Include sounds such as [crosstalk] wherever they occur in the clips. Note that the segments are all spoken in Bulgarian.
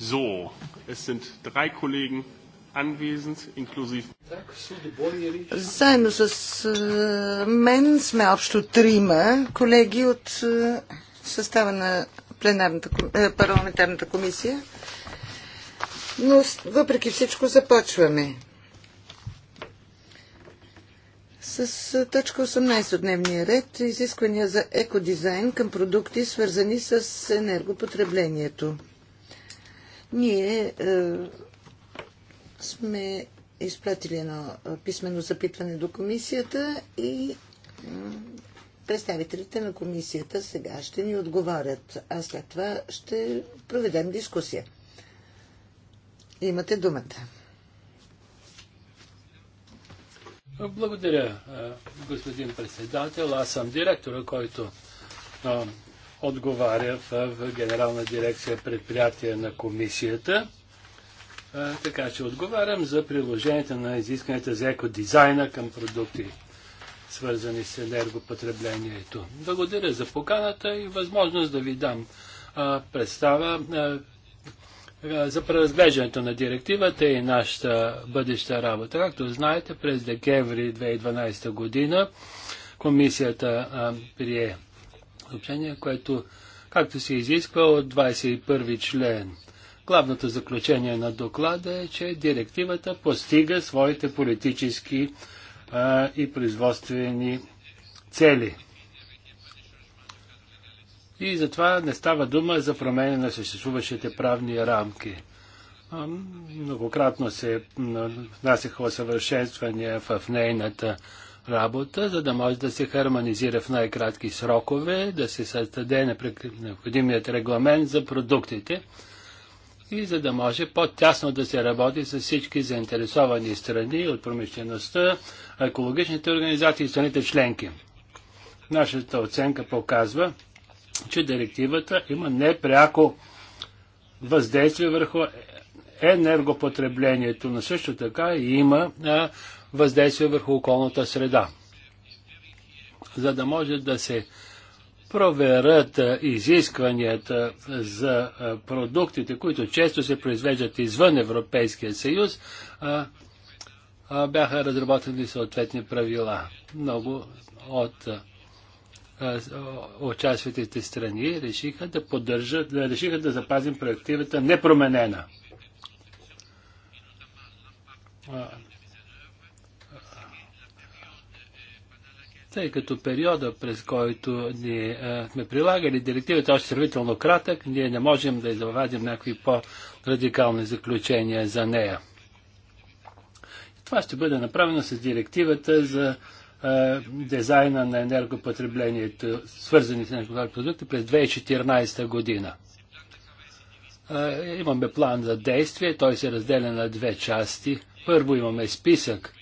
So, es sind drei Kollegen anwesend, inklusive. Заедно с е, мен сме общо трима колеги от е, състава на пленарната, е, парламентарната комисия. Но въпреки всичко започваме. С точка 18 от дневния ред изисквания за екодизайн към продукти, свързани с енергопотреблението. Ние е, сме изпратили едно е, писмено запитване до комисията и представителите на комисията сега ще ни отговорят, а след това ще проведем дискусия. Имате думата. Благодаря, е, господин председател. Аз съм директора, който е, отговаря в Генерална дирекция предприятия на комисията. А, така че отговарям за приложението на изискането за екодизайна към продукти, свързани с енергопотреблението. Благодаря за поканата и възможност да ви дам а, представа а, за преразглеждането на директивата и нашата бъдеща работа. Както знаете, през декември 2012 година комисията прие заключение, което, както се изисква от 21 член. Главното заключение на доклада е, че директивата постига своите политически а, и производствени цели. И затова не става дума за промени на съществуващите правни рамки. Многократно се внасяха усъвършенствания в нейната работа, за да може да се хармонизира в най-кратки срокове, да се създаде необходимият регламент за продуктите и за да може по-тясно да се работи с всички заинтересовани страни от промишлеността, екологичните организации и страните членки. Нашата оценка показва, че директивата има непряко въздействие върху е- енергопотреблението, но също така и има а, въздействие върху околната среда. За да може да се проверят изискванията за продуктите, които често се произвеждат извън Европейския съюз, бяха разработени съответни правила. Много от участвателите страни решиха да поддържат, да решиха да запазим проективата непроменена. тъй като периода, през който ние сме прилагали директивата, е още сравнително кратък, ние не можем да извадим някакви по-радикални заключения за нея. Това ще бъде направено с директивата за а, е, дизайна на енергопотреблението, свързани с продукти през 2014 година. А, е, имаме план за действие, той се разделя на две части. Първо имаме списък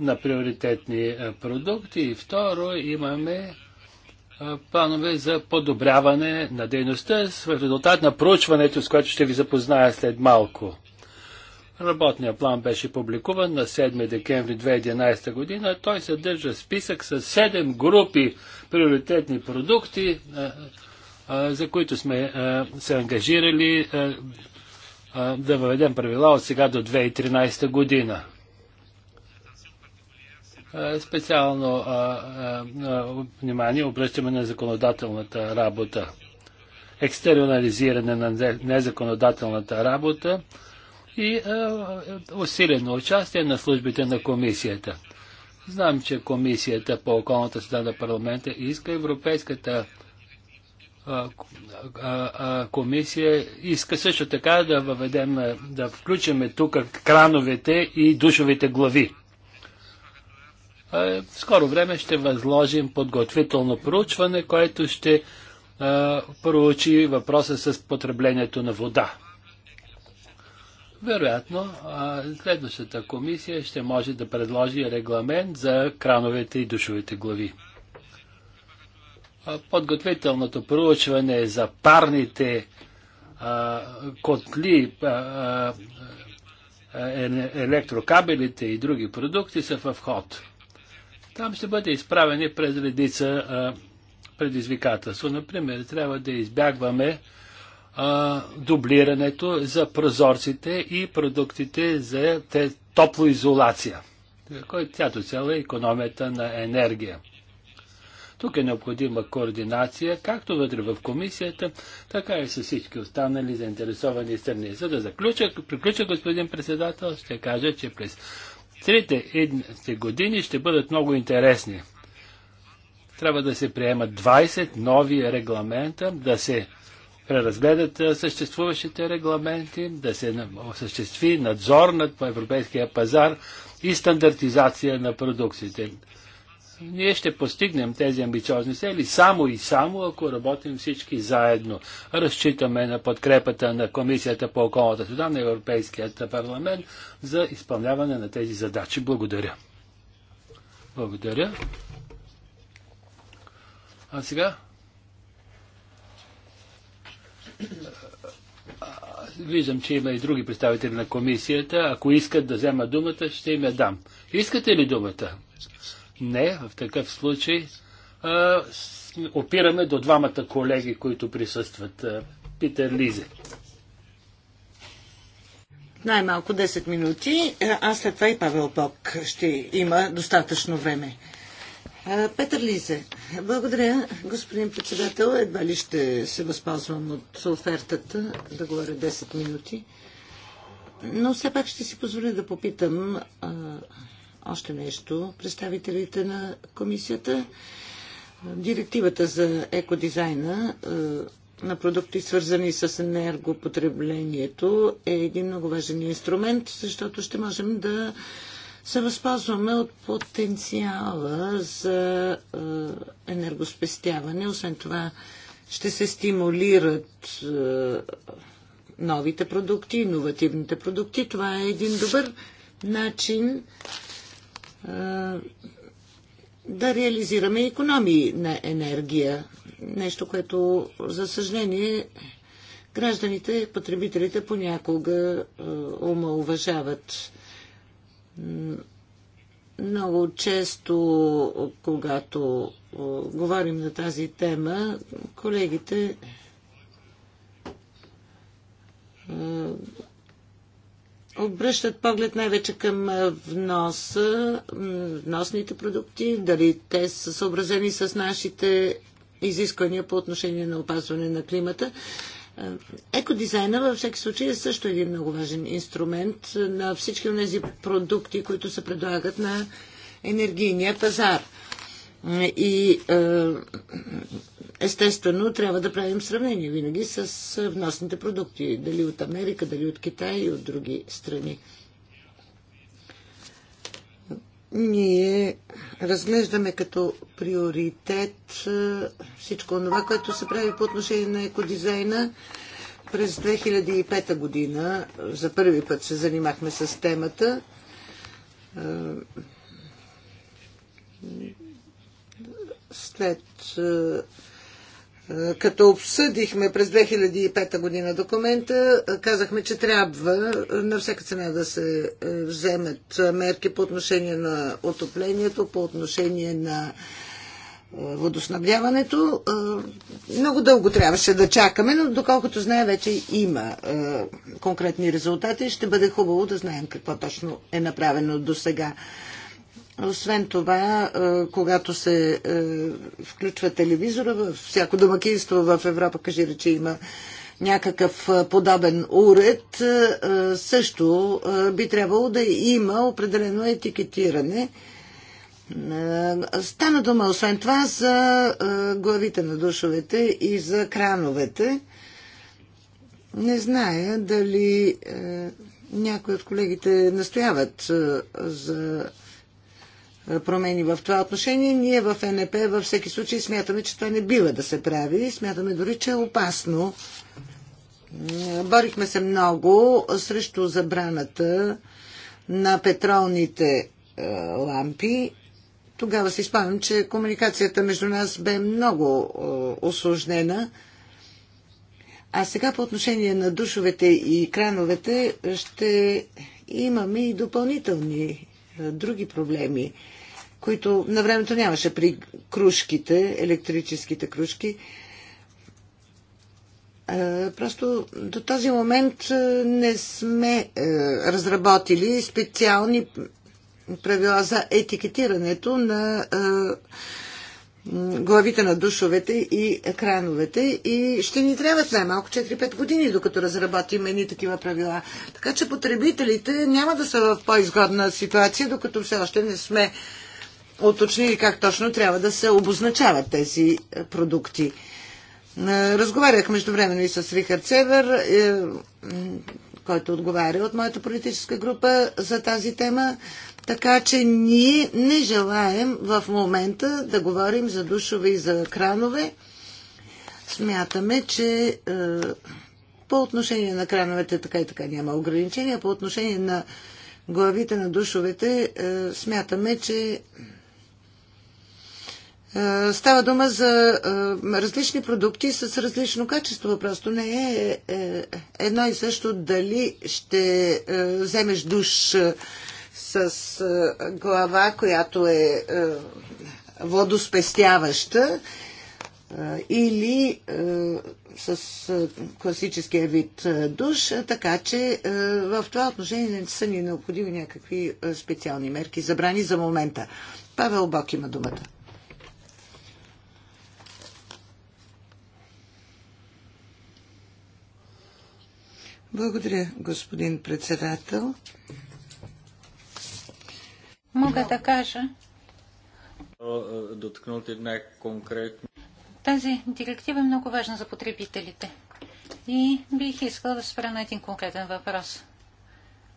на приоритетни е, продукти и второ имаме е, планове за подобряване на дейността в резултат на проучването, с което ще ви запозная след малко. Работният план беше публикуван на 7 декември 2011 година. Той съдържа списък с 7 групи приоритетни продукти, е, за които сме се ангажирали да въведем правила от сега до 2013 година. Е, специално внимание обръщаме на законодателната работа. Екстерионализиране на незаконодателната работа и усилено участие на службите на комисията. Знам, че комисията по околната среда на парламента иска Европейската комисия иска също така да въведем, да включиме тук крановете и душовите глави в скоро време ще възложим подготвително проучване, което ще проучи въпроса с потреблението на вода. Вероятно, следващата комисия ще може да предложи регламент за крановете и душовите глави. Подготвителното проучване е за парните котли, е, електрокабелите и други продукти са в ход. Там ще бъде изправени през редица а, предизвикателство. Например, трябва да избягваме а, дублирането за прозорците и продуктите за те, топлоизолация, тято цяло е економията на енергия. Тук е необходима координация, както вътре в комисията, така и с всички останали заинтересовани страни. За да заключа, приключа господин председател, ще кажа, че през Трите едните години ще бъдат много интересни. Трябва да се приемат 20 нови регламента, да се преразгледат съществуващите регламенти, да се осъществи надзор над европейския пазар и стандартизация на продукциите ние ще постигнем тези амбициозни цели само и само, ако работим всички заедно. Разчитаме на подкрепата на Комисията по околната среда на Европейският парламент за изпълняване на тези задачи. Благодаря. Благодаря. А сега? Виждам, че има и други представители на комисията. Ако искат да взема думата, ще им я дам. Искате ли думата? Не, в такъв случай а, опираме до двамата колеги, които присъстват. Питер Лизе. Най-малко 10 минути, а след това и Павел Бок ще има достатъчно време. Петър Лизе, благодаря, господин председател. Едва ли ще се възползвам от офертата да говоря 10 минути. Но все пак ще си позволя да попитам а, още нещо, представителите на комисията. Директивата за екодизайна е, на продукти, свързани с енергопотреблението, е един много важен инструмент, защото ще можем да се възползваме от потенциала за е, енергоспестяване. Освен това, ще се стимулират е, новите продукти, иновативните продукти. Това е един добър начин е, да реализираме економии на енергия. Нещо, което, за съжаление, гражданите, потребителите понякога е, уважават. Много често, когато е, говорим на тази тема, колегите обръщат поглед най-вече към вноса, вносните продукти, дали те са съобразени с нашите изисквания по отношение на опазване на климата. Екодизайна във всеки случай е също един много важен инструмент на всички от тези продукти, които се предлагат на енергийния пазар. И е, Естествено, трябва да правим сравнение винаги с вносните продукти, дали от Америка, дали от Китай и от други страни. Ние разглеждаме като приоритет всичко това, което се прави по отношение на екодизайна. През 2005 година за първи път се занимахме с темата. След като обсъдихме през 2005 година документа, казахме, че трябва на всяка цена да се е, вземат мерки по отношение на отоплението, по отношение на е, водоснабдяването. Е, много дълго трябваше да чакаме, но доколкото знае, вече има конкретни резултати. Ще бъде хубаво да знаем какво точно е направено до сега. Освен това, е, когато се е, включва телевизора, във всяко домакинство в Европа, кажи речи има някакъв е, подобен уред, също би трябвало да има определено етикетиране. Стана дума, освен това, за главите на душовете и за крановете. Не зная дали някои от колегите настояват за е, промени в това отношение. Ние в НП във всеки случай смятаме, че това не бива да се прави. Смятаме дори, че е опасно. Борихме се много срещу забраната на петролните е, лампи. Тогава си спомням, че комуникацията между нас бе много е, осложнена. А сега по отношение на душовете и крановете ще имаме и допълнителни други проблеми, които на времето нямаше при кружките, електрическите кружки. Просто до този момент не сме разработили специални правила за етикетирането на главите на душовете и екрановете и ще ни трябват най-малко 4-5 години, докато разработим едни такива правила. Така че потребителите няма да са в по-изгодна ситуация, докато все още не сме уточнили как точно трябва да се обозначават тези е, продукти. Е, разговарях междувременно и с Рихард Север. Е, който отговаря от моята политическа група за тази тема. Така че ние не желаем в момента да говорим за душове и за кранове. Смятаме, че е, по отношение на крановете така и така няма ограничения. По отношение на главите на душовете е, смятаме, че е, става дума за е, различни продукти с различно качество. Просто не е, е едно и също дали ще вземеш душ с глава, която е водоспестяваща или с класическия вид душ, така че в това отношение не са ни необходими някакви специални мерки, забрани за момента. Павел Бок има думата. Благодаря, господин председател. Мога да кажа. Доткнал една конкретно. Тази директива е много важна за потребителите. И бих искала да спра на един конкретен въпрос.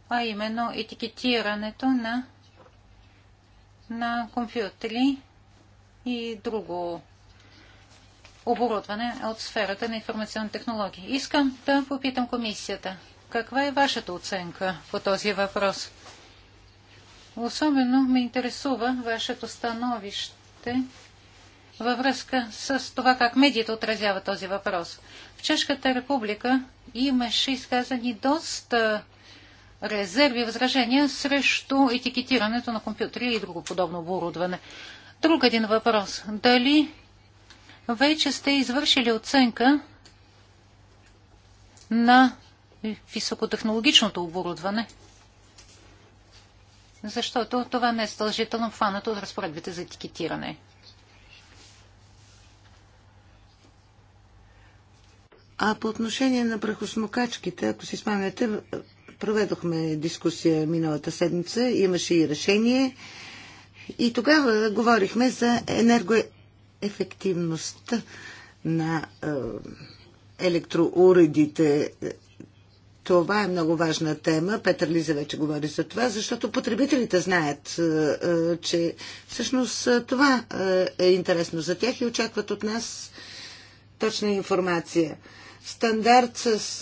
А именно етикетирането на, на компютри и друго оборудване от сферата на информационни технологии. Искам да попитам комисията, каква е вашата оценка по този въпрос? Особено ме интересува вашето становище във връзка с това как медиите отразяват този въпрос. В Чешката република имаше изказани доста резерви и възражения срещу етикетирането на компютри и друго подобно оборудване. Друг един въпрос. Дали вече сте извършили оценка на високотехнологичното оборудване, защото това не е стължително фанато от разпоредбите за етикетиране. А по отношение на прахосмокачките, ако си спомняте, проведохме дискусия миналата седмица, имаше и решение. И тогава говорихме за енерго ефективността на е, електроуредите. Това е много важна тема. Петър Лиза вече говори за това, защото потребителите знаят, е, е, че всъщност това е интересно за тях и очакват от нас точна информация стандарт с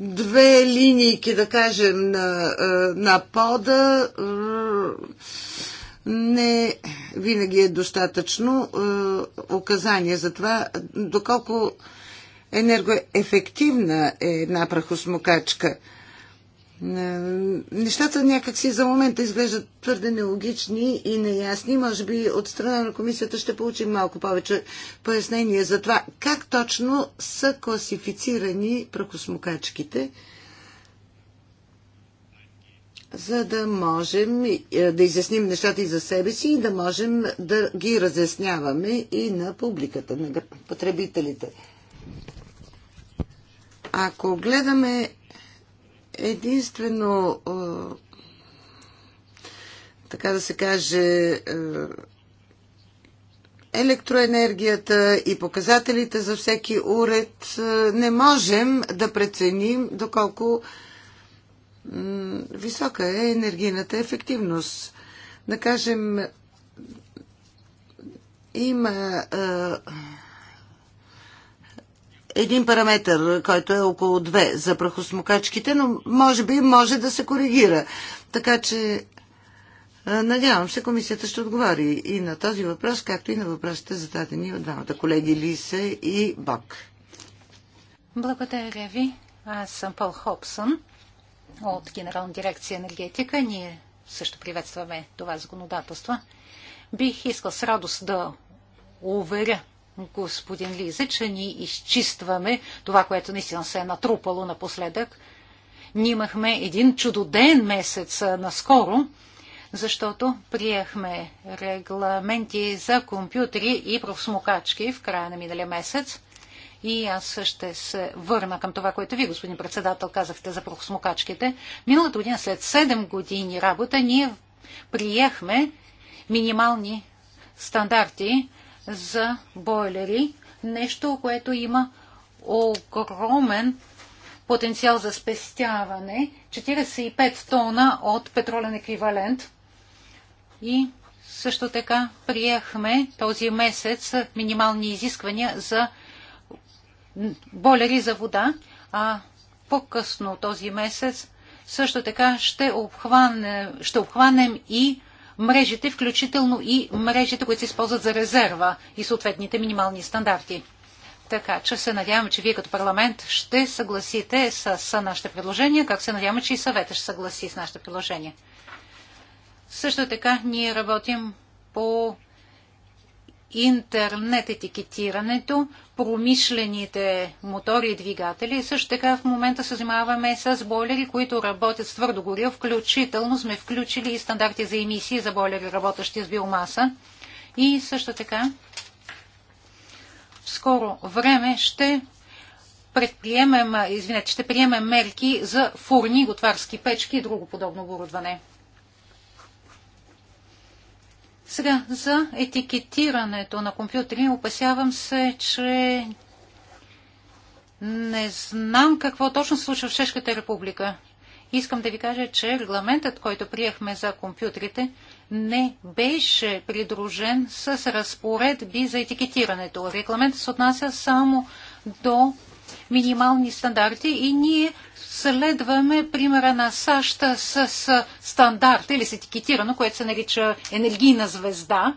две линии, да кажем, на, а, на пода не винаги е достатъчно е, указание за това, доколко енергоефективна е една прахосмокачка. Е, нещата някакси за момента изглеждат твърде нелогични и неясни. Може би от страна на комисията ще получим малко повече пояснение за това как точно са класифицирани прахосмокачките за да можем е, да изясним нещата и за себе си и да можем да ги разясняваме и на публиката, на потребителите. Ако гледаме единствено, е, така да се каже, е, електроенергията и показателите за всеки уред, не можем да преценим доколко висока е енергийната ефективност. Да кажем, има един параметр, който е около 2 за прахосмокачките, но може би може да се коригира. Така че надявам се комисията ще отговори и на този въпрос, както и на въпросите зададени от двамата колеги Лиса и Бог. Благодаря ви. Аз съм Пол Хобсън от Генерална дирекция енергетика. Ние също приветстваме това законодателство. Бих искал с радост да уверя господин Лиза, че ние изчистваме това, което наистина се е натрупало напоследък. Ние имахме един чудоден месец наскоро, защото приехме регламенти за компютри и профсмокачки в края на миналия месец. И аз ще се върна към това, което ви, господин председател, казахте за прохосмокачките. Миналата година, след 7 години работа, ние приехме минимални стандарти за бойлери, нещо, което има огромен потенциал за спестяване, 45 тона от петролен еквивалент. И също така приехме този месец минимални изисквания за Болери за вода, а по-късно този месец също така ще обхванем, ще обхванем и мрежите, включително и мрежите, които се използват за резерва и съответните минимални стандарти. Така че се надявам, че вие като парламент ще съгласите с, с нашите предложения, как се надявам, че и съвета ще съгласи с нашите предложения. Също така ние работим по интернет етикетирането, промишлените мотори и двигатели. Също така в момента се занимаваме с бойлери, които работят с твърдо горя. Включително сме включили и стандарти за емисии за бойлери, работещи с биомаса. И също така в скоро време ще предприемем, извинете, ще приемем мерки за фурни, готварски печки и друго подобно оборудване. Сега за етикетирането на компютри опасявам се, че не знам какво точно се случва в Чешката република. Искам да ви кажа, че регламентът, който приехме за компютрите, не беше придружен с разпоредби за етикетирането. Регламентът се отнася само до минимални стандарти и ние следваме примера на САЩ с, с стандарт или с етикетирано, което се нарича енергийна звезда.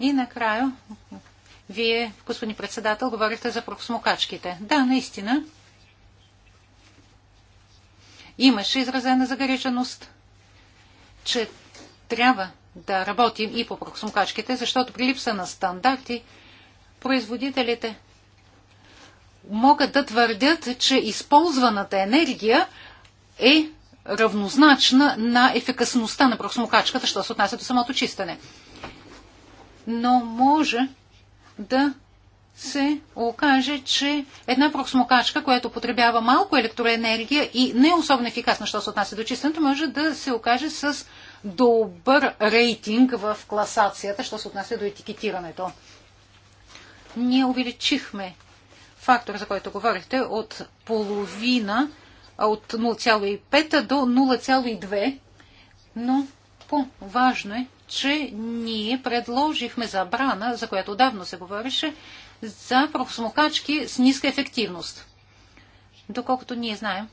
И накрая, вие, господин председател, говорихте за проксмокачките. Да, наистина. Имаше изразена загриженост, че трябва да работим и по проксмокачките, защото при липса на стандарти производителите могат да твърдят, че използваната енергия е равнозначна на ефикасността на проксмокачката, що се отнася до самото чистене. Но може да се окаже, че една проксмокачка, която потребява малко електроенергия и не е особено ефикасна, що се отнася до чистенето, може да се окаже с добър рейтинг в класацията, що се отнася до етикетирането. Ние увеличихме фактор, за който говорихте, от половина, от 0,5 до 0,2, но по-важно е, че ние предложихме забрана, за която давно се говореше, за профсмокачки с ниска ефективност. Доколкото ние знаем,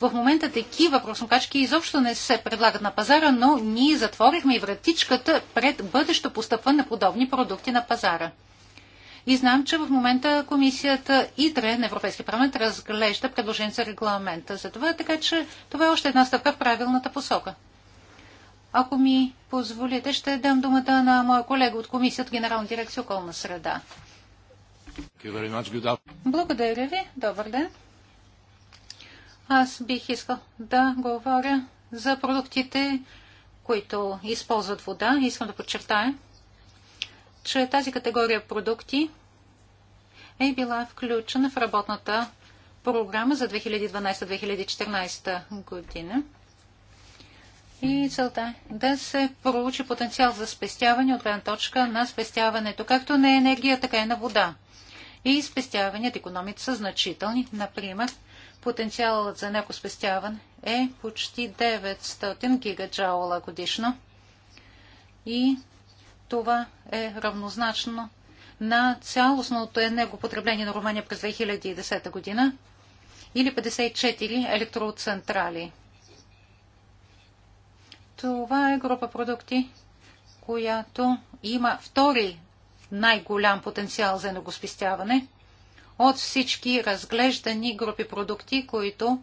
в момента такива просмокачки изобщо не се предлагат на пазара, но ние затворихме и вратичката пред бъдещо постъпване на подобни продукти на пазара. И знам, че в момента комисията ИТРЕ на Европейския парламент разглежда предложение за регламента за това, е така че това е още една стъпка в правилната посока. Ако ми позволите, ще дам думата на моя колега от комисията Генерална дирекция околна среда. Благодаря ви. Добър ден. Аз бих искал да говоря за продуктите, които използват вода. Искам да подчертая, че тази категория продукти е била включена в работната програма за 2012-2014 година. И целта е да се проучи потенциал за спестяване от гледна точка на спестяването както на енергия, така и на вода. И спестяванията, економите са значителни. Например, потенциалът за спестяване е почти 900 гигаджаула годишно. И това е равнозначно на цялостното енергопотребление на Румъния през 2010 година или 54 електроцентрали. Това е група продукти, която има втори най-голям потенциал за енергоспестяване от всички разглеждани групи продукти, които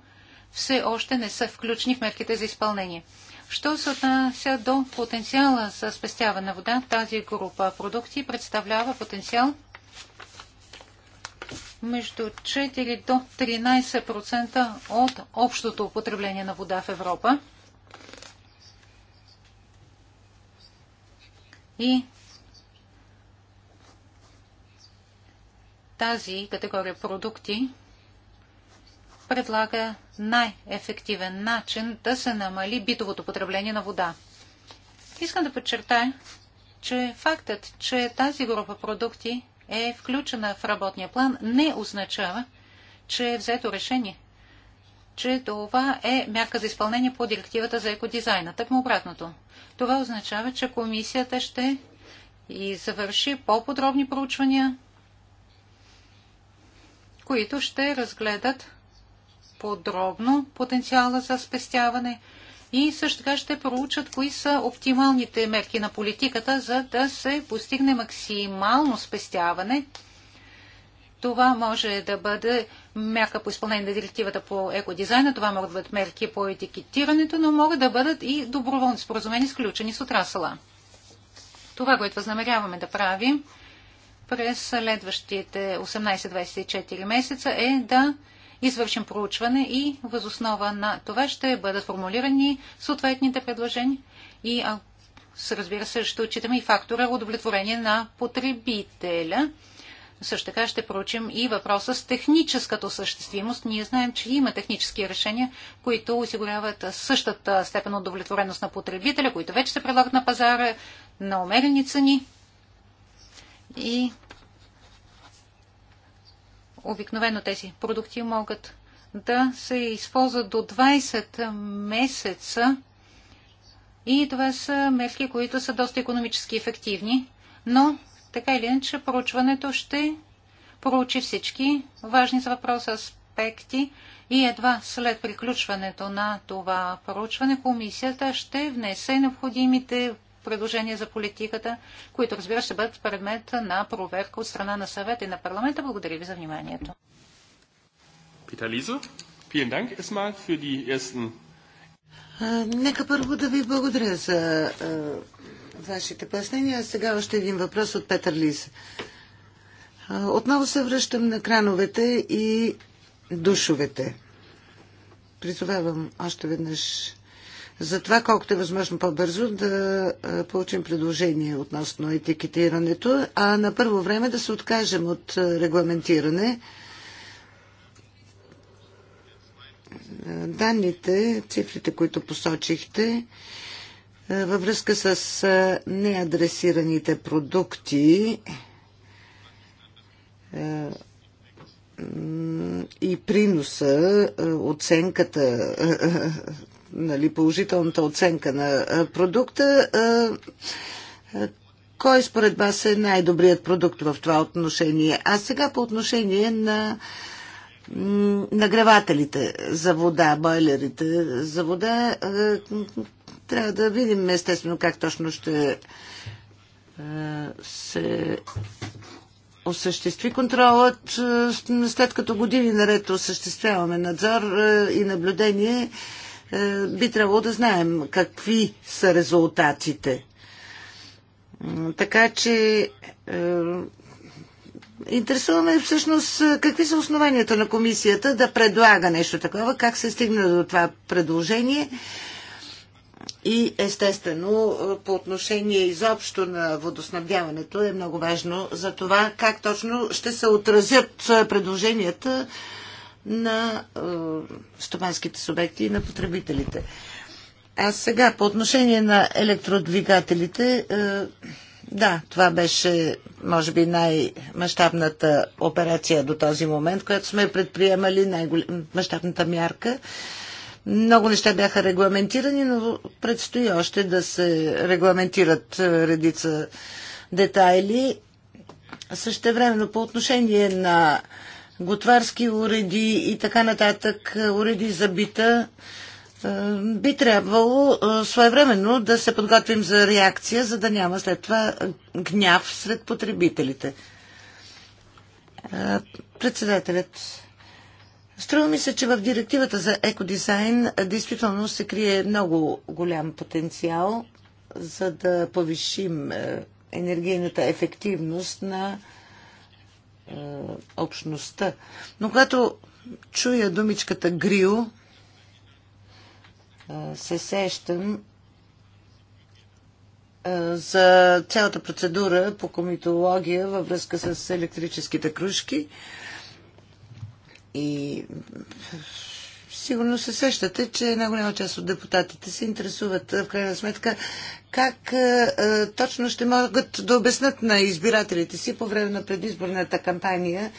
все още не са включени в мерките за изпълнение. Що се отнася до потенциала за спестяване на вода, тази група продукти представлява потенциал между 4 до 13% от общото употребление на вода в Европа. И тази категория продукти предлага най-ефективен начин да се намали битовото потребление на вода. Искам да подчертая, че фактът, че тази група продукти е включена в работния план, не означава, че е взето решение, че това е мярка за изпълнение по директивата за екодизайна. Так му обратното. Това означава, че комисията ще и завърши по-подробни проучвания, които ще разгледат подробно потенциала за спестяване и също така ще проучат кои са оптималните мерки на политиката, за да се постигне максимално спестяване. Това може да бъде мярка по изпълнение на директивата по екодизайна, това могат да бъдат мерки по етикетирането, но могат да бъдат и доброволни споразумени, сключени с отрасъла. Това, което възнамеряваме да правим през следващите 18-24 месеца е да извършим проучване и възоснова на това ще бъдат формулирани съответните предложения и разбира се, ще отчитаме и фактора удовлетворение на потребителя. Също така ще проучим и въпроса с техническата осъществимост. Ние знаем, че има технически решения, които осигуряват същата степен удовлетвореност на потребителя, които вече се предлагат на пазара на умерени цени. И обикновено тези продукти могат да се използват до 20 месеца и това са мерки, които са доста економически ефективни, но така или иначе проучването ще проучи всички важни за въпроса аспекти и едва след приключването на това проучване комисията ще внесе необходимите предложения за политиката, които разбира ще бъдат предмет на проверка от страна на съвета и на парламента. Благодаря ви за вниманието. Питер vielen Dank erstmal für die ersten... Нека първо да ви благодаря за вашите пояснения. Сега още един въпрос от Петър Лиз. Отново се връщам на крановете и душовете. Призовавам още веднъж за това колкото е възможно по-бързо да получим предложение относно етикетирането, а на първо време да се откажем от регламентиране. Данните, цифрите, които посочихте, във връзка с неадресираните продукти и приноса, оценката, нали, положителната оценка на продукта. Кой според вас е най-добрият продукт в това отношение? А сега по отношение на нагревателите за вода, бойлерите за вода, трябва да видим естествено как точно ще се осъществи контролът, след като години наред осъществяваме надзор и наблюдение, е, би трябвало да знаем какви са резултатите. Така че е, Интересуваме всъщност е, какви са основанията на комисията да предлага нещо такова, как се стигна до това предложение и естествено по отношение изобщо на водоснабдяването е много важно за това как точно ще се отразят предложенията на е, стопанските субекти и на потребителите. А сега, по отношение на електродвигателите, е, да, това беше, може би, най-мащабната операция до този момент, която сме предприемали, най-мащабната мярка. Много неща бяха регламентирани, но предстои още да се регламентират е, редица детайли. Същевременно по отношение на готварски уреди и така нататък, е, уреди за бита, е, би трябвало е, своевременно да се подготвим за реакция, за да няма след това гняв сред потребителите. Председателят. Струва ми се, че в директивата за екодизайн действително се крие много голям потенциал, за да повишим енергийната ефективност на е, общността. Но когато чуя думичката грил, е, се сещам е, за цялата процедура по комитология във връзка с електрическите кружки. И Сигурно се сещате, че една голяма част от депутатите се интересуват в крайна сметка как е, точно ще могат да обяснат на избирателите си по време на предизборната кампания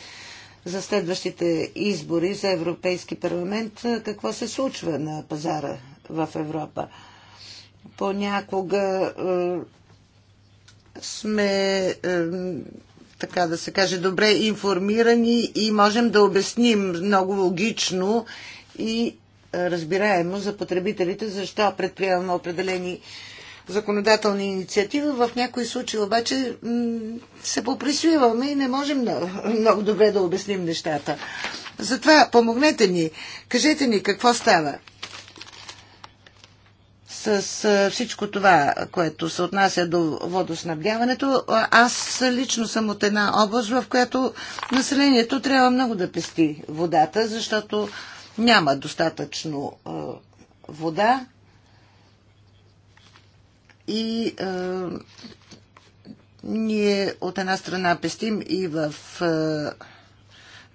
за следващите избори за Европейски парламент какво се случва на пазара в Европа. Понякога е, сме е, така да се каже, добре информирани и можем да обясним много логично и е, разбираемо за потребителите, защо предприемаме определени законодателни инициативи. В някои случаи обаче се попресвиваме и не можем много, много добре да обясним нещата. Затова помогнете ни, кажете ни какво става с е, всичко това, което се отнася до водоснабдяването. Аз лично съм от една област, в която населението трябва много да пести водата, защото няма достатъчно вода и ние от една страна пестим и в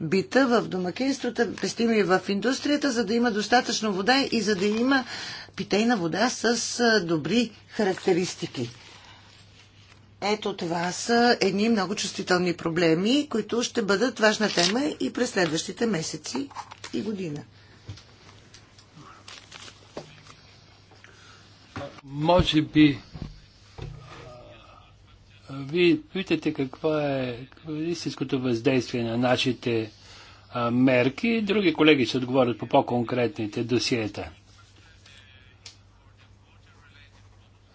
бита, в домакинствата, пестим и в индустрията, за да има достатъчно вода и за да има питейна вода с добри характеристики. Ето това са едни много чувствителни проблеми, които ще бъдат важна тема и през следващите месеци 2013 година. Може би вие питате какво е, е истинското въздействие на нашите а, мерки. Други колеги ще отговорят по по-конкретните досиета.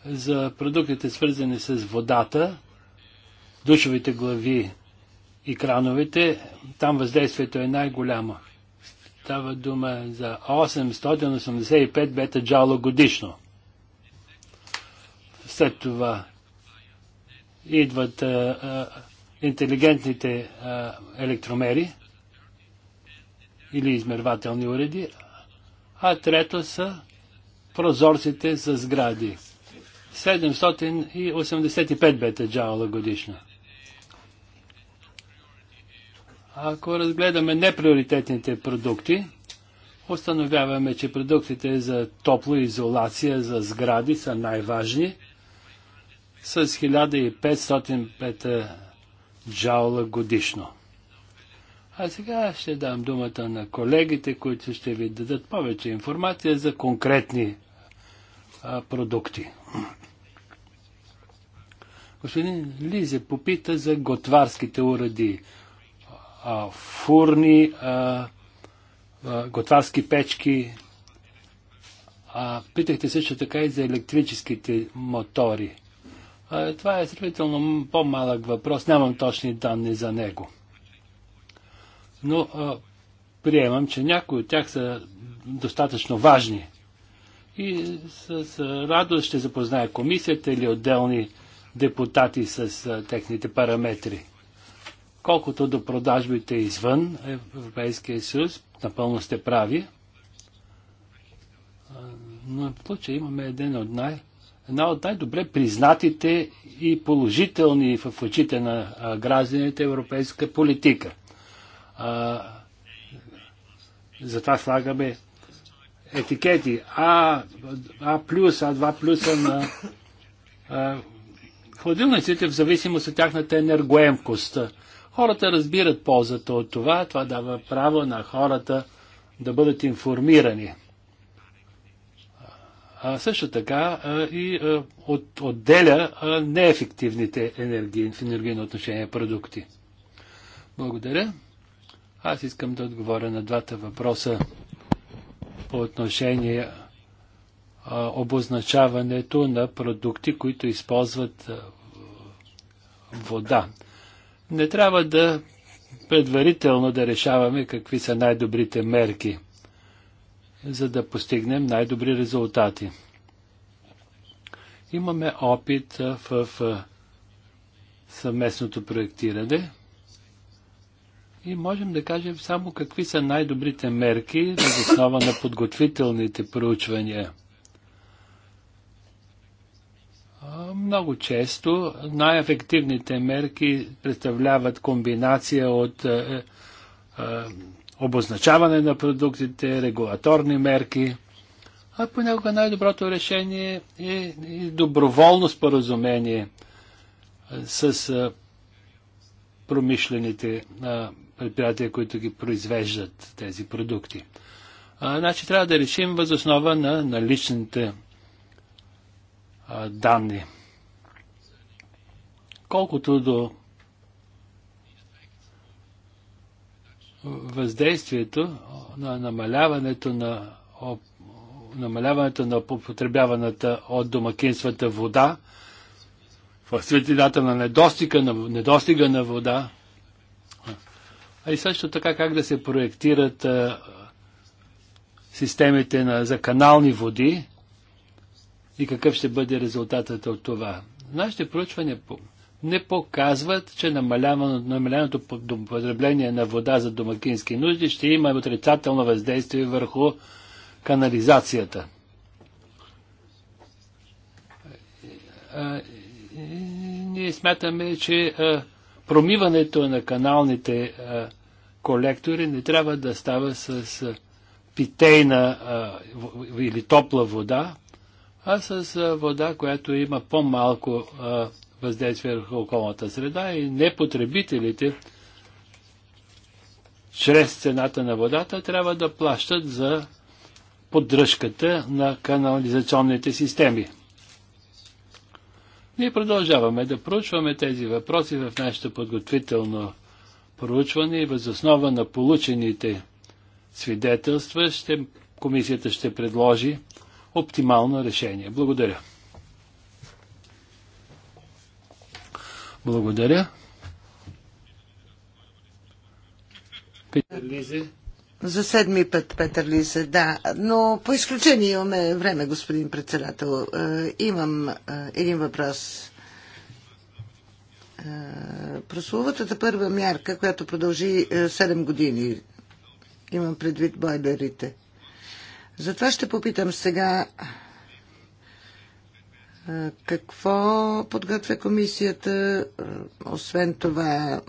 За продуктите свързани с водата, душовите глави и крановете, там въздействието е най-голямо. Става дума за 885 бета джало годишно. След това идват а, а, интелигентните а, електромери или измервателни уреди, а трето са прозорците за сгради. 785 бета джаула годишно. Ако разгледаме неприоритетните продукти, установяваме, че продуктите за топлоизолация за сгради са най-важни с 1505 е, джаула годишно. А сега ще дам думата на колегите, които ще ви дадат повече информация за конкретни а, е, продукти. Господин Лизе попита за готварските уради а, фурни, а, а, готварски печки. А, питахте също така и за електрическите мотори. А, това е сравнително по-малък въпрос, нямам точни данни за него. Но а, приемам, че някои от тях са достатъчно важни. И с, с радост ще запознае комисията или отделни депутати с а, техните параметри. Колкото до продажбите извън Европейския съюз, напълно сте прави, но в случая имаме един от най- една от най-добре признатите и положителни в очите на гражданите европейска политика. А, затова слагаме етикети А, А+, А2+, на а, хладилниците в зависимост от тяхната енергоемкост. Хората разбират ползата от това. Това дава право на хората да бъдат информирани. А също така а, и а, от, отделя а, неефективните енергии, в енергийно отношение продукти. Благодаря. Аз искам да отговоря на двата въпроса по отношение а, обозначаването на продукти, които използват а, вода. Не трябва да предварително да решаваме какви са най-добрите мерки, за да постигнем най-добри резултати. Имаме опит в съвместното проектиране и можем да кажем само какви са най-добрите мерки за основа на подготвителните проучвания – много често най-ефективните мерки представляват комбинация от е, е, е, обозначаване на продуктите, регулаторни мерки, а понякога най-доброто решение е и доброволно споразумение е, с е, промишлените е, предприятия, които ги произвеждат тези продукти. А, значи трябва да решим възоснова на наличните данни. Колкото до въздействието на намаляването на намаляването на потребяваната от домакинствата вода, в светлината на недостига, на недостига на вода, а и също така как да се проектират а, системите на, за канални води, и какъв ще бъде резултатът от това. Нашите проучвания не показват, че намаляното потребление на вода за домакински нужди ще има отрицателно въздействие върху канализацията. Ние смятаме, че промиването на каналните колектори не трябва да става с питейна или топла вода, а с вода, която има по-малко въздействие върху околната среда и непотребителите чрез цената на водата трябва да плащат за поддръжката на канализационните системи. Ние продължаваме да проучваме тези въпроси в нашето подготвително проучване и възоснова на получените свидетелства ще, комисията ще предложи оптимално решение. Благодаря. Благодаря. Питер Лизе. За седми път, Петър Лисе, да. Но по изключение имаме време, господин председател. Е, имам е, един въпрос. Е, прословутата първа мярка, която продължи 7 години, имам предвид бойлерите – затова ще попитам сега какво подготвя комисията, освен това,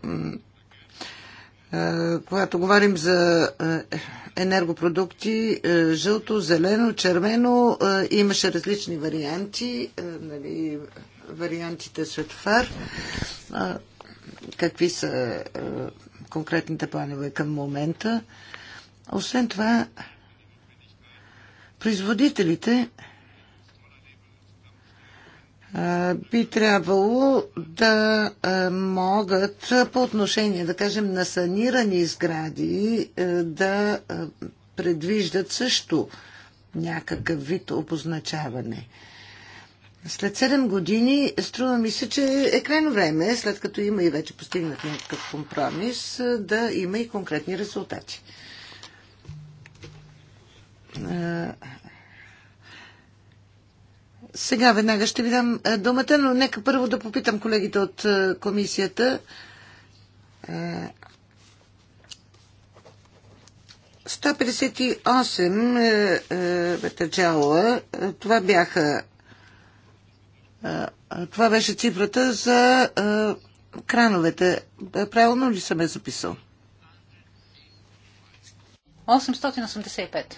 когато говорим за енергопродукти, жълто, зелено, червено, имаше различни варианти, нали, вариантите светофар. Какви са конкретните планове към момента? Освен това, производителите би трябвало да могат по отношение, да кажем, на санирани сгради да предвиждат също някакъв вид обозначаване. След 7 години струва ми се, че е крайно време, след като има и вече постигнат някакъв компромис, да има и конкретни резултати. Е, сега веднага ще ви дам е, думата, но нека първо да попитам колегите от е, комисията. Е, 158 това бяха това беше цифрата за крановете. Правилно ли съм е записал? 885.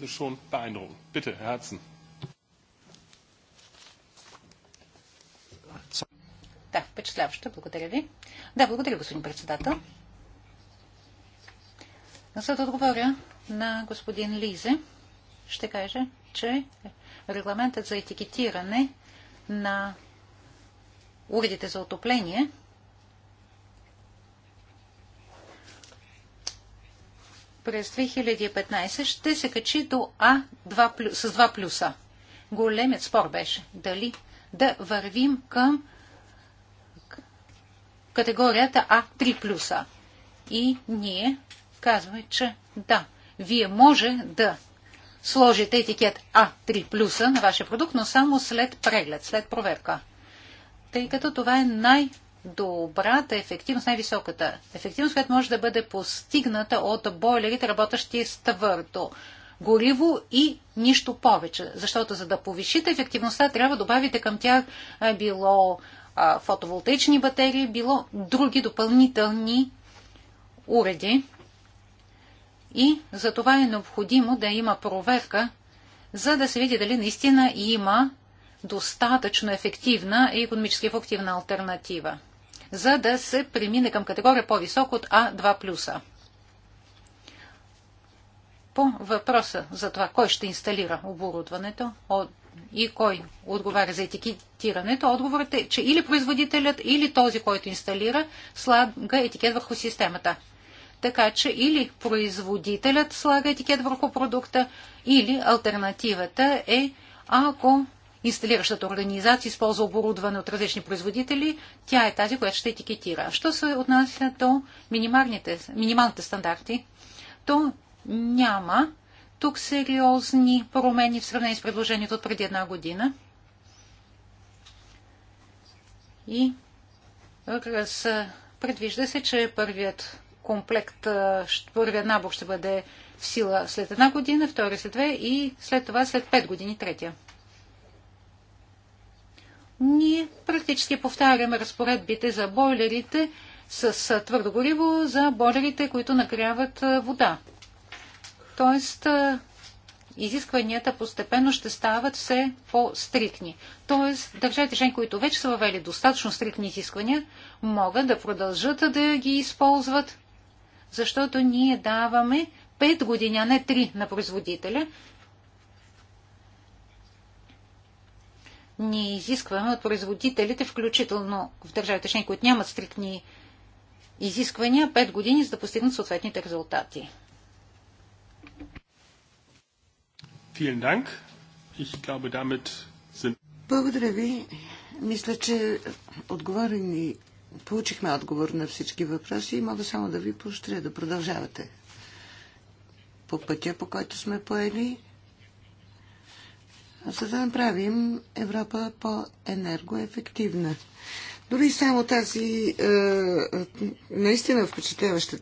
Das ist schon beeindruckend. Bitte, Herr Herzen. Да, впечатляваща. Благодаря ви. Да, благодаря, господин председател. За да отговоря на господин Лизе, ще кажа, че регламентът за етикетиране на уредите за отопление – през 2015 ще се качи до А2 с 2 плюса. Големият спор беше дали да вървим към категорията А3 плюса. И ние казваме, че да, вие може да сложите етикет А3 плюса на вашия продукт, но само след преглед, след проверка. Тъй като това е най- добрата ефективност, най-високата ефективност, която може да бъде постигната от бойлерите, работещи с твърдо гориво и нищо повече. Защото за да повишите ефективността, трябва да добавите към тях било фотоволтаични батерии, било други допълнителни уреди. И за това е необходимо да има проверка, за да се види дали наистина има достатъчно ефективна и економически ефективна альтернатива за да се премине към категория по-висок от А2+. По въпроса за това кой ще инсталира оборудването и кой отговаря за етикетирането, отговорът е, че или производителят, или този, който инсталира, слага етикет върху системата. Така че или производителят слага етикет върху продукта, или альтернативата е, ако инсталиращата организация използва оборудване от различни производители, тя е тази, която ще етикетира. Що се отнася до минималните, стандарти, то няма тук сериозни промени в сравнение с предложението от преди една година. И раз, предвижда се, че първият комплект, първият набор ще бъде в сила след една година, втория след две и след това след пет години третия ние практически повтаряме разпоредбите за бойлерите с твърдо гориво, за бойлерите, които нагряват вода. Тоест, изискванията постепенно ще стават все по-стрикни. Тоест, държавите жени, които вече са въвели достатъчно стрикни изисквания, могат да продължат да ги използват, защото ние даваме 5 години, а не 3 на производителя ние изискваме от производителите, включително в държавите членки, които нямат стрикни изисквания, 5 години, за да постигнат съответните резултати. Благодаря ви. Мисля, че отговорени получихме отговор на всички въпроси и мога само да ви поощря да продължавате по пътя, по който сме поели за да направим Европа по-енергоефективна. Дори само тази е, е наистина впечатляваща е,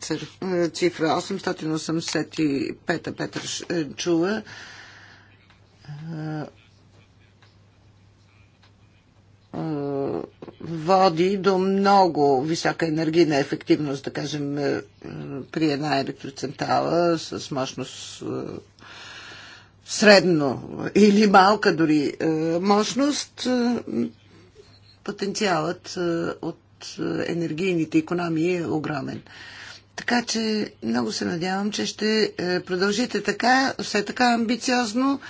цифра, 885-та Петър е, чува, води до много висока енергийна ефективност, да кажем, при една електроцентрала с мощност средно или малка дори е, мощност, е, потенциалът е, от енергийните економии е огромен. Така че много се надявам, че ще продължите така, все така амбициозно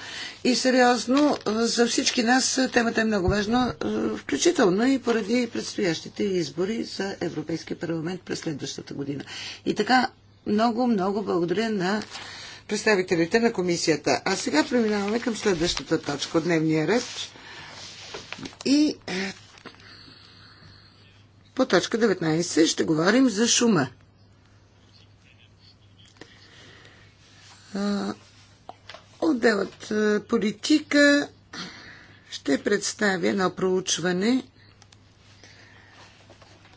и сериозно. За всички нас темата е много важна, включително и поради предстоящите избори за Европейския парламент през следващата година. И така, много, много благодаря на представителите на комисията. А сега преминаваме към следващата точка от дневния ред. И е, по точка 19 ще говорим за шума. Е, отделът е, политика ще представя едно проучване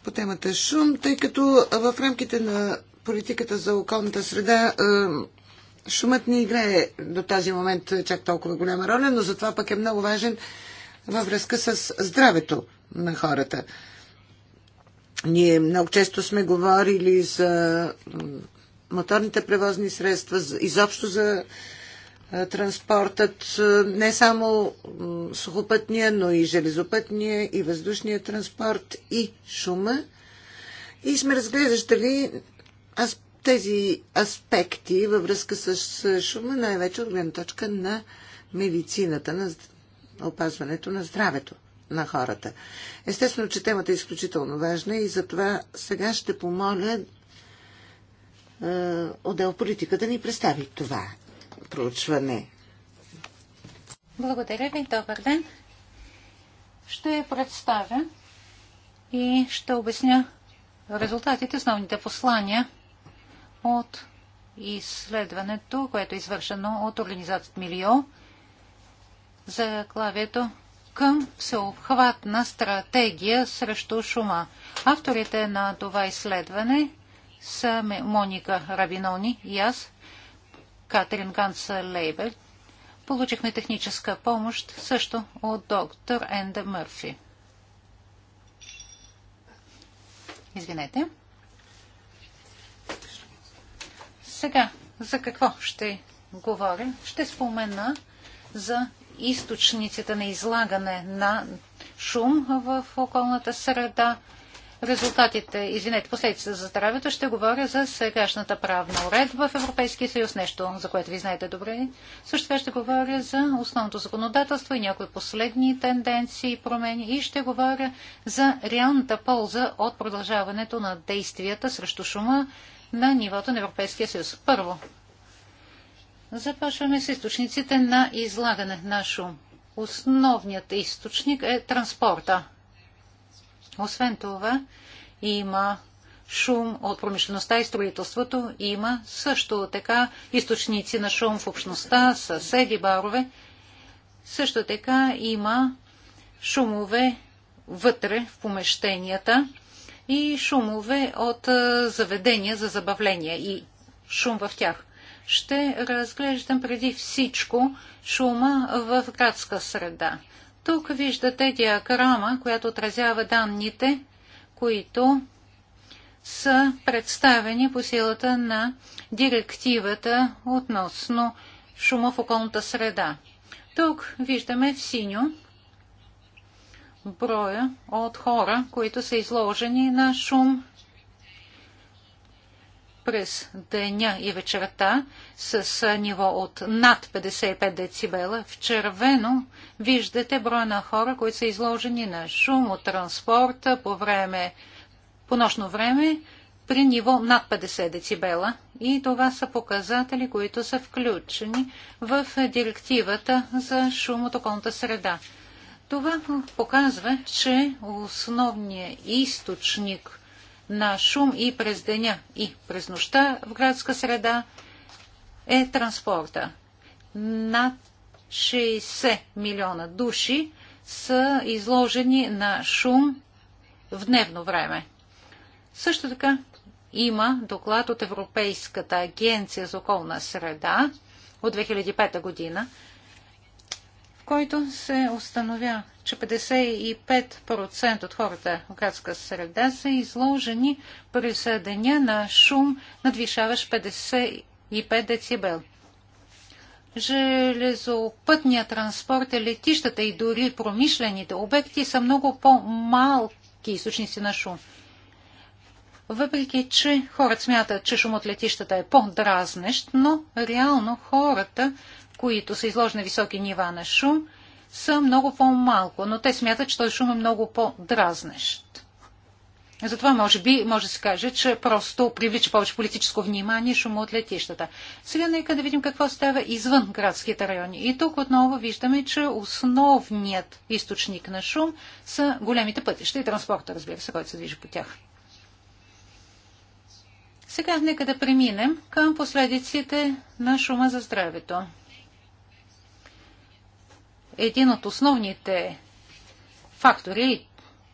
по темата шум, тъй като в рамките на политиката за околната среда Шумът не играе до тази момент чак толкова голяма роля, но затова пък е много важен във връзка с здравето на хората. Ние много често сме говорили за моторните превозни средства, изобщо за транспортът, не само сухопътния, но и железопътния, и въздушния транспорт, и шума. И сме разглеждали аз тези аспекти във връзка с шума, най-вече от гледна точка на медицината, на опазването на здравето на хората. Естествено, че темата е изключително важна и затова сега ще помоля е, отдел политика да ни представи това проучване. Благодаря ви, добър ден. Ще я представя и ще обясня резултатите, основните послания от изследването, което е извършено от организацията Милио. за клавието към всеобхватна стратегия срещу шума. Авторите на това изследване са Моника Рабинони и аз, Катерин Ганс Лейбер. Получихме техническа помощ също от доктор Енда Мърфи. Извинете. Сега, за какво ще говоря? Ще спомена за източниците на излагане на шум в околната среда. Резултатите, извинете, последиците за здравето, ще говоря за сегашната правна уредба в Европейския съюз, нещо, за което ви знаете добре. Също така ще говоря за основното законодателство и някои последни тенденции и промени и ще говоря за реалната полза от продължаването на действията срещу шума на нивото на Европейския съюз. Първо, започваме с източниците на излагане на шум. Основният източник е транспорта. Освен това, има шум от промишлеността и строителството, има също така източници на шум в общността, съседи, барове. Също така има шумове вътре в помещенията и шумове от заведения за забавления и шум в тях. Ще разглеждам преди всичко шума в градска среда. Тук виждате диаграма, която отразява данните, които са представени по силата на директивата относно шума в околната среда. Тук виждаме в синьо броя от хора, които са изложени на шум през деня и вечерта с ниво от над 55 децибела. В червено виждате броя на хора, които са изложени на шум от транспорта по време, по нощно време при ниво над 50 децибела. И това са показатели, които са включени в директивата за шум от околната среда. Това показва, че основният източник на шум и през деня, и през нощта в градска среда е транспорта. Над 60 милиона души са изложени на шум в дневно време. Също така има доклад от Европейската агенция за околна среда от 2005 година, който се установя, че 55% от хората в градска среда са изложени при съдения на шум, надвишаващ 55 децибел. Железопътният транспорт, летищата и дори промишлените обекти са много по-малки източници на шум. Въпреки, че хората смятат, че шум от летищата е по-дразнещ, но реално хората които са изложени високи нива на шум, са много по-малко, но те смятат, че този шум е много по-дразнещ. Затова може би може да се каже, че просто привлича повече политическо внимание шума от летищата. Сега нека да видим какво става извън градските райони. И тук отново виждаме, че основният източник на шум са големите пътища и транспорта, разбира се, който се движи по тях. Сега нека да преминем към последиците на шума за здравето един от основните фактори,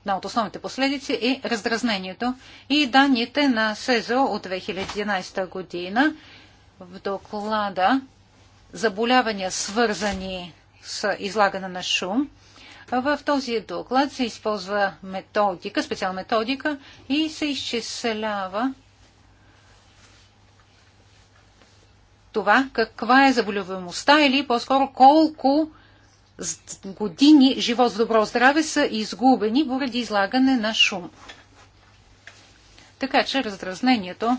една от основните последици е раздразнението. И данните на СЕЗО от 2011 година в доклада заболявания, свързани с излагане на шум, в този доклад се използва методика, специална методика и се изчислява това каква е заболеваемостта или по-скоро колко години живот с добро здраве са изгубени поради излагане на шум. Така че раздразнението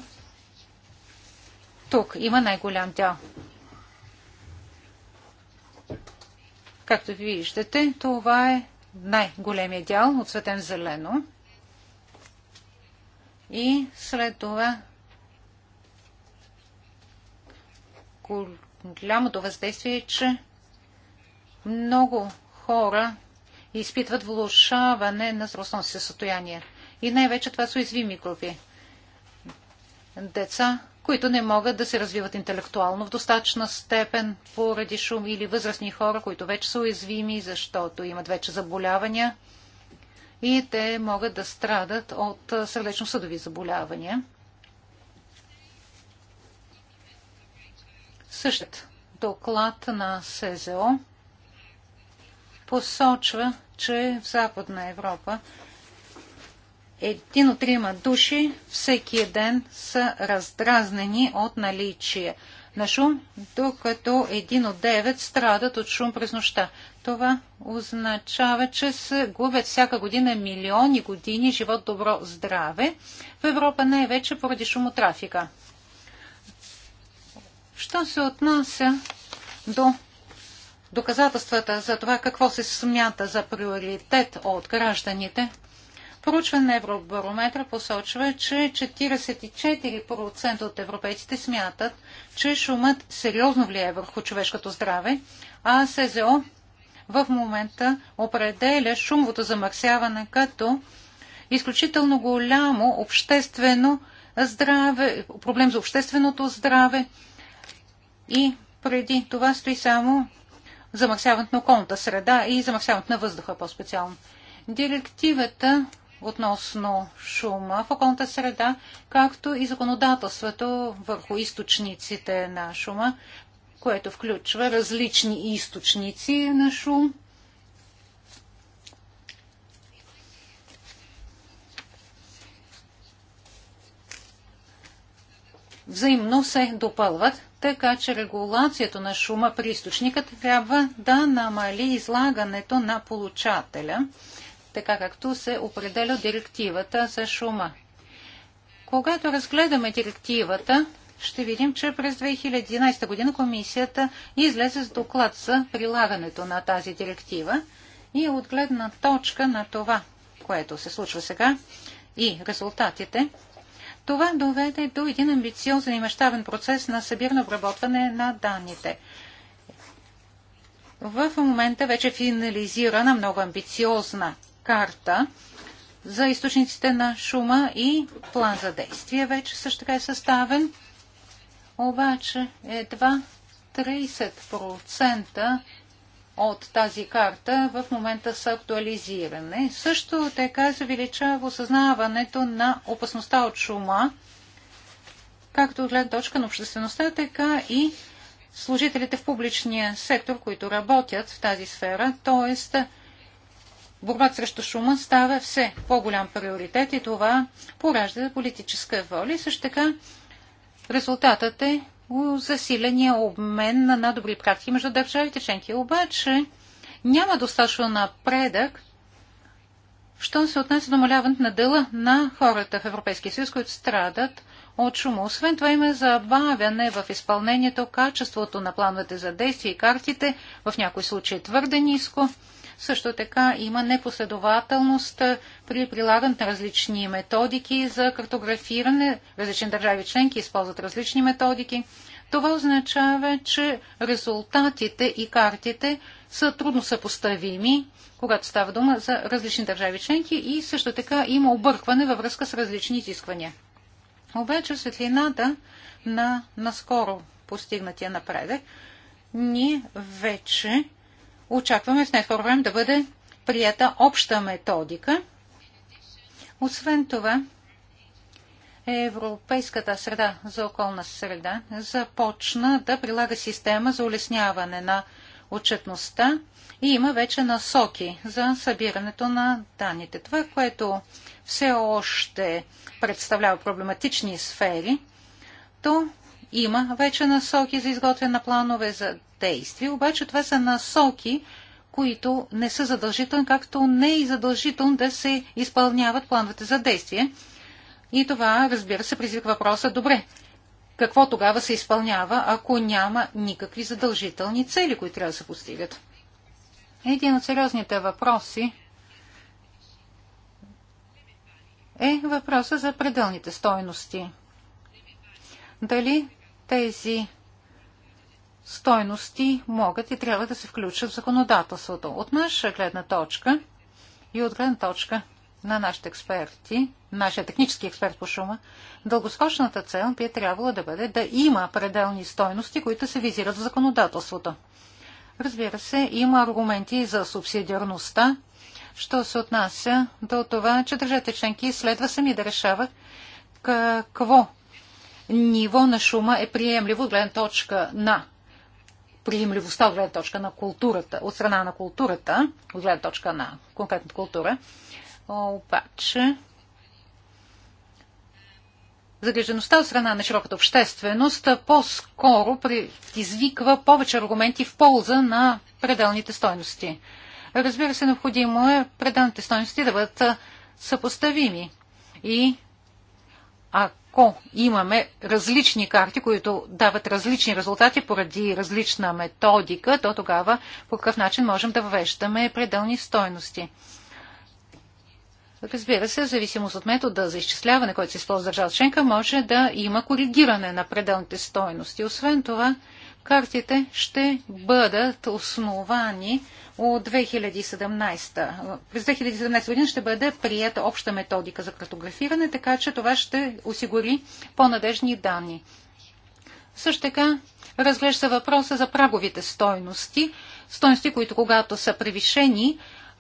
тук има най-голям дял. Както ви виждате, това е най-големия дял, отцветен зелено. И след това голямото въздействие е, че много хора изпитват влушаване на здравословното си състояние. И най-вече това са уязвими групи. Деца, които не могат да се развиват интелектуално в достатъчна степен поради шум или възрастни хора, които вече са уязвими, защото имат вече заболявания и те могат да страдат от сърдечно-съдови заболявания. Същият доклад на СЗО посочва, че в Западна Европа един от трима души всеки ден са раздразнени от наличие на шум, докато един от девет страдат от шум през нощта. Това означава, че се губят всяка година милиони години живот, добро, здраве. В Европа най-вече е поради шумотрафика. Що се отнася до доказателствата за това какво се смята за приоритет от гражданите, проучване на Евробарометра посочва, че 44% от европейците смятат, че шумът сериозно влияе върху човешкото здраве, а СЗО в момента определя шумовото замърсяване като изключително голямо обществено здраве, проблем за общественото здраве и преди това стои само замърсяването на околната среда и замърсяването на въздуха по-специално. Директивата относно шума в околната среда, както и законодателството върху източниците на шума, което включва различни източници на шум – взаимно се допълват, така че регулацията на шума при източника трябва да намали излагането на получателя, така както се определя директивата за шума. Когато разгледаме директивата, ще видим, че през 2011 година комисията излезе с доклад за прилагането на тази директива и е от гледна точка на това, което се случва сега и резултатите, това доведе до един амбициозен и мащабен процес на събирно обработване на данните. В момента вече финализирана много амбициозна карта за източниците на шума и план за действие вече също така е съставен. Обаче едва 30% от тази карта в момента са актуализиране. Също така се увеличава осъзнаването на опасността от шума, както от гледна точка на обществеността, така и служителите в публичния сектор, които работят в тази сфера, т.е. борбата срещу шума става все по-голям приоритет и това поражда политическа воля. също така резултатът е засиления обмен на добри практики между държавите членки. Обаче няма достатъчно напредък, що се отнася до намаляването на дела на хората в Европейския съюз, които страдат от шума. Освен това има забавяне в изпълнението, качеството на плановете за действие и картите, в някои случаи твърде ниско. Също така има непоследователност при прилагането на различни методики за картографиране. Различни държави членки използват различни методики. Това означава, че резултатите и картите са трудно съпоставими, когато става дума за различни държави членки и също така има объркване във връзка с различни изисквания. Обаче светлината на наскоро постигнатия напредък, ние вече очакваме в най-скоро време да бъде прията обща методика. Освен това, Европейската среда за околна среда започна да прилага система за улесняване на отчетността и има вече насоки за събирането на данните. Това, което все още представлява проблематични сфери, то има вече насоки за изготвяне на планове за действие, обаче това са насоки, които не са задължителни, както не е и задължително да се изпълняват плановете за действие. И това, разбира се, призвика въпроса, добре, какво тогава се изпълнява, ако няма никакви задължителни цели, които трябва да се постигат? Един от сериозните въпроси е въпроса за пределните стойности. Дали тези стойности могат и трябва да се включат в законодателството. От наша гледна точка и от гледна точка на нашите експерти, нашия технически експерт по шума, дългосрочната цел би трябвало да бъде да има пределни стойности, които се визират в законодателството. Разбира се, има аргументи за субсидиарността, що се отнася до това, че държавите членки следва сами да решават какво ниво на шума е приемливо от гледна точка на приемливостта от гледна точка на културата, от страна на културата, от гледна точка на конкретната култура. Обаче, загрижеността от страна на широката общественост по-скоро предизвиква повече аргументи в полза на пределните стойности. Разбира се, необходимо е пределните стойности да бъдат съпоставими. И ако ако имаме различни карти, които дават различни резултати поради различна методика, то тогава по какъв начин можем да въвеждаме пределни стойности. Разбира се, в зависимост от метода за изчисляване, който се използва държава членка, може да има коригиране на пределните стойности. Освен това, Картите ще бъдат основани от 2017. През 2017 година ще бъде прията обща методика за картографиране, така че това ще осигури по-надежни данни. Също така разглежда въпроса за праговите стойности, стойности, които когато са превишени,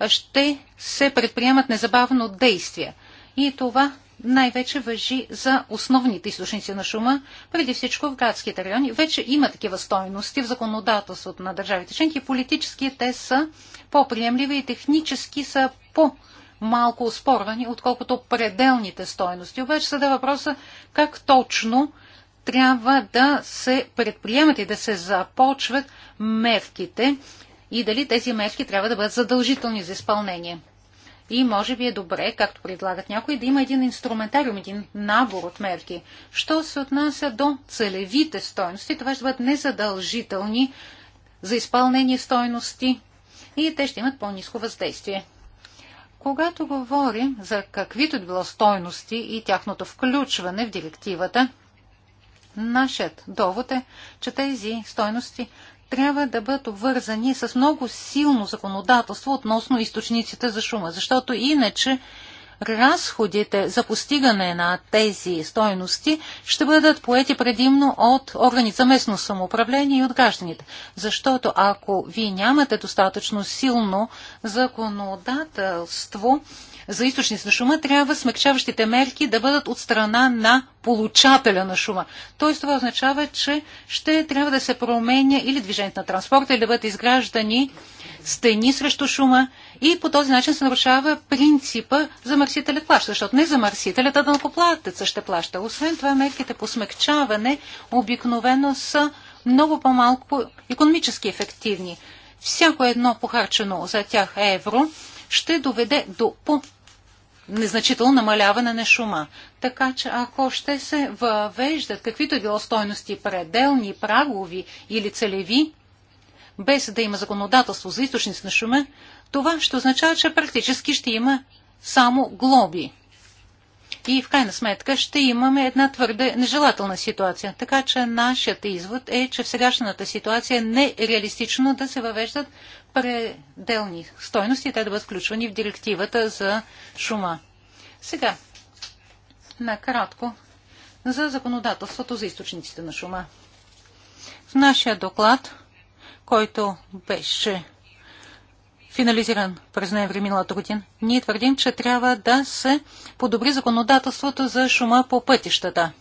ще се предприемат незабавно действия. И това най-вече въжи за основните източници на шума, преди всичко в градските райони. Вече има такива стойности в законодателството на държавите членки. Политически те са по-приемливи и технически са по- малко спорвани, отколкото пределните стойности. Обаче се да въпроса как точно трябва да се предприемат и да се започват мерките и дали тези мерки трябва да бъдат задължителни за изпълнение. И може би е добре, както предлагат някои, да има един инструментариум, един набор от мерки. Що се отнася до целевите стоености, това ще бъдат незадължителни за изпълнение стоености, и те ще имат по-низко въздействие. Когато говорим за каквито било стойности и тяхното включване в директивата, нашият довод е, че тези стойности трябва да бъдат обвързани с много силно законодателство относно източниците за шума, защото иначе разходите за постигане на тези стойности ще бъдат поети предимно от органи за местно самоуправление и от гражданите. Защото ако вие нямате достатъчно силно законодателство, за източници на шума, трябва смягчаващите мерки да бъдат от страна на получателя на шума. Тоест това означава, че ще трябва да се променя или движението на транспорта, или да бъдат изграждани стени срещу шума и по този начин се нарушава принципа замърсителят плаща, защото не замърсителят, а дълкоплатеца ще плаща. Освен това, мерките по смягчаване обикновено са много по-малко економически ефективни. Всяко едно похарчено за тях евро ще доведе до по незначително намаляване на шума. Така че ако ще се въвеждат каквито е било стойности пределни, прагови или целеви, без да има законодателство за източници на шума, това ще означава, че практически ще има само глоби. И в крайна сметка ще имаме една твърде нежелателна ситуация. Така че нашият извод е, че в сегашната ситуация е нереалистично да се въвеждат пределни стойности те да бъдат включвани в директивата за шума. Сега, накратко, за законодателството за източниците на шума. В нашия доклад, който беше финализиран през ноември миналата година, ние твърдим, че трябва да се подобри законодателството за шума по пътищата.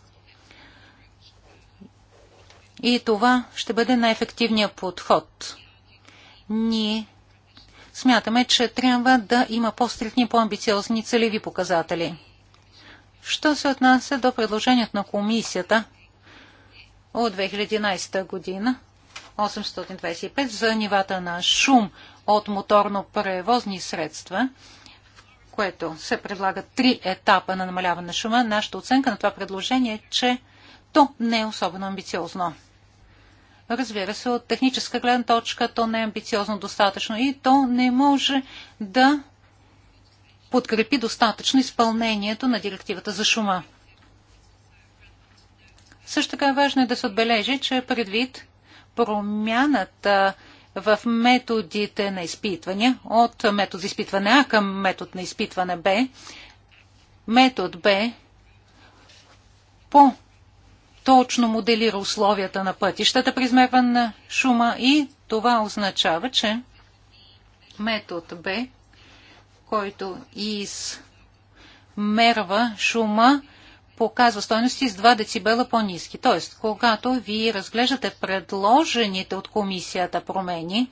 И това ще бъде най-ефективният подход. Ние смятаме, че трябва да има по стритни по-амбициозни целеви показатели. Що се отнася до предложението на комисията от 2011 година 825 за нивата на шум от моторно-превозни средства, в което се предлага три етапа на намаляване на шума, нашата оценка на това предложение е, че то не е особено амбициозно. Разбира се, от техническа гледна точка то не е амбициозно достатъчно и то не може да подкрепи достатъчно изпълнението на директивата за шума. Също така важно е да се отбележи, че предвид промяната в методите на изпитване от метод за изпитване А към метод на изпитване Б. Метод Б по точно моделира условията на пътищата при измерване на шума и това означава, че метод Б, който измерва шума показва стойности с 2 децибела по-низки. Тоест, когато ви разглеждате предложените от комисията промени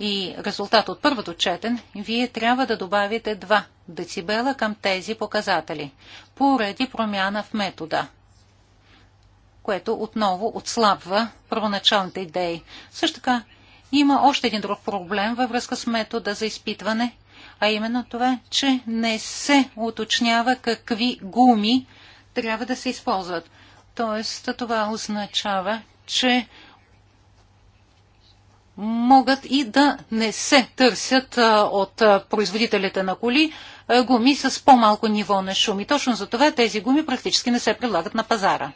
и резултат от първото четен, вие трябва да добавите 2 децибела към тези показатели, поради промяна в метода което отново отслабва първоначалните идеи. Също така има още един друг проблем във връзка с метода за изпитване а именно това, че не се уточнява какви гуми трябва да се използват. Тоест, това означава, че могат и да не се търсят от производителите на коли гуми с по-малко ниво на шум. И точно за това тези гуми практически не се прилагат на пазара.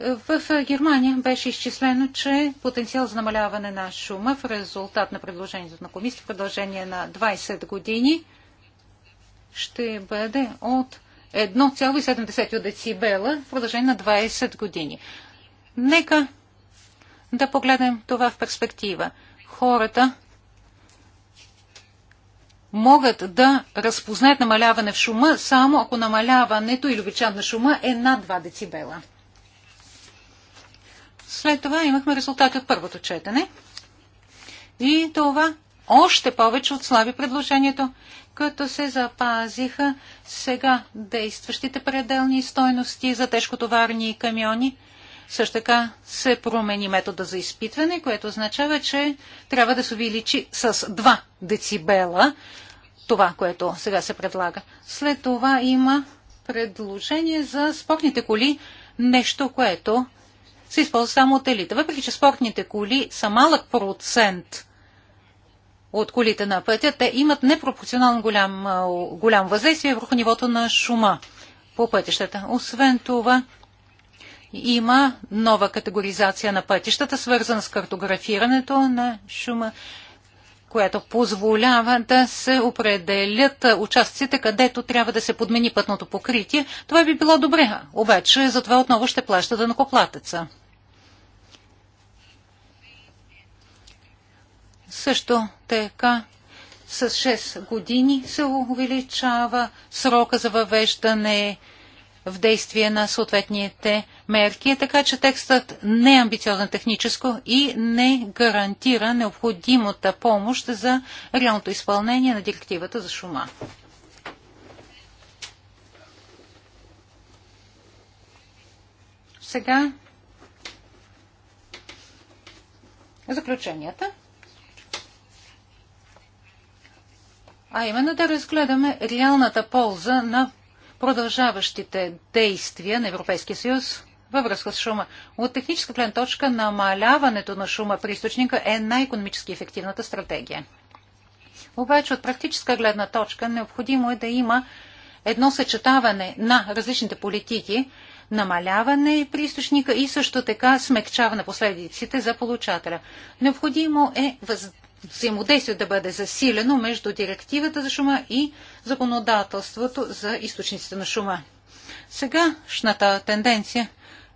В Германия беше изчислено, че потенциал за намаляване на шума в резултат на предложението на комисията в продължение на 20 години ще бъде от 1,7 децибела в продължение на 20 години. Нека да погледнем това в перспектива. Хората могат да разпознаят намаляване в шума, само ако намаляването или обичат на шума е над 2 децибела. След това имахме резултати от първото четене. И това още повече отслаби предложението, като се запазиха сега действащите пределни стойности за тежкотоварни камиони. Също така се промени метода за изпитване, което означава, че трябва да се увеличи с 2 децибела това, което сега се предлага. След това има предложение за спортните коли, нещо, което се използва само от елита. Въпреки, че спортните коли са малък процент от колите на пътя, те имат непропорционално голям, голям въздействие върху нивото на шума по пътищата. Освен това, има нова категоризация на пътищата, свързана с картографирането на шума която позволява да се определят участците, където трябва да се подмени пътното покритие. Това би било добре, обаче за това отново ще плаща данокоплатеца. Също така с 6 години се увеличава срока за въвеждане в действие на съответните мерки, така че текстът не е амбициозен техническо и не гарантира необходимата помощ за реалното изпълнение на директивата за шума. Сега заключенията. А именно да разгледаме реалната полза на продължаващите действия на Европейския съюз във връзка с шума. От техническа гледна точка намаляването на шума при източника е най-економически ефективната стратегия. Обаче от практическа гледна точка необходимо е да има едно съчетаване на различните политики, намаляване при източника и също така смекчаване последиците за получателя. Необходимо е въз взаимодействие да бъде засилено между директивата за шума и законодателството за източниците на шума. Сегашната тенденция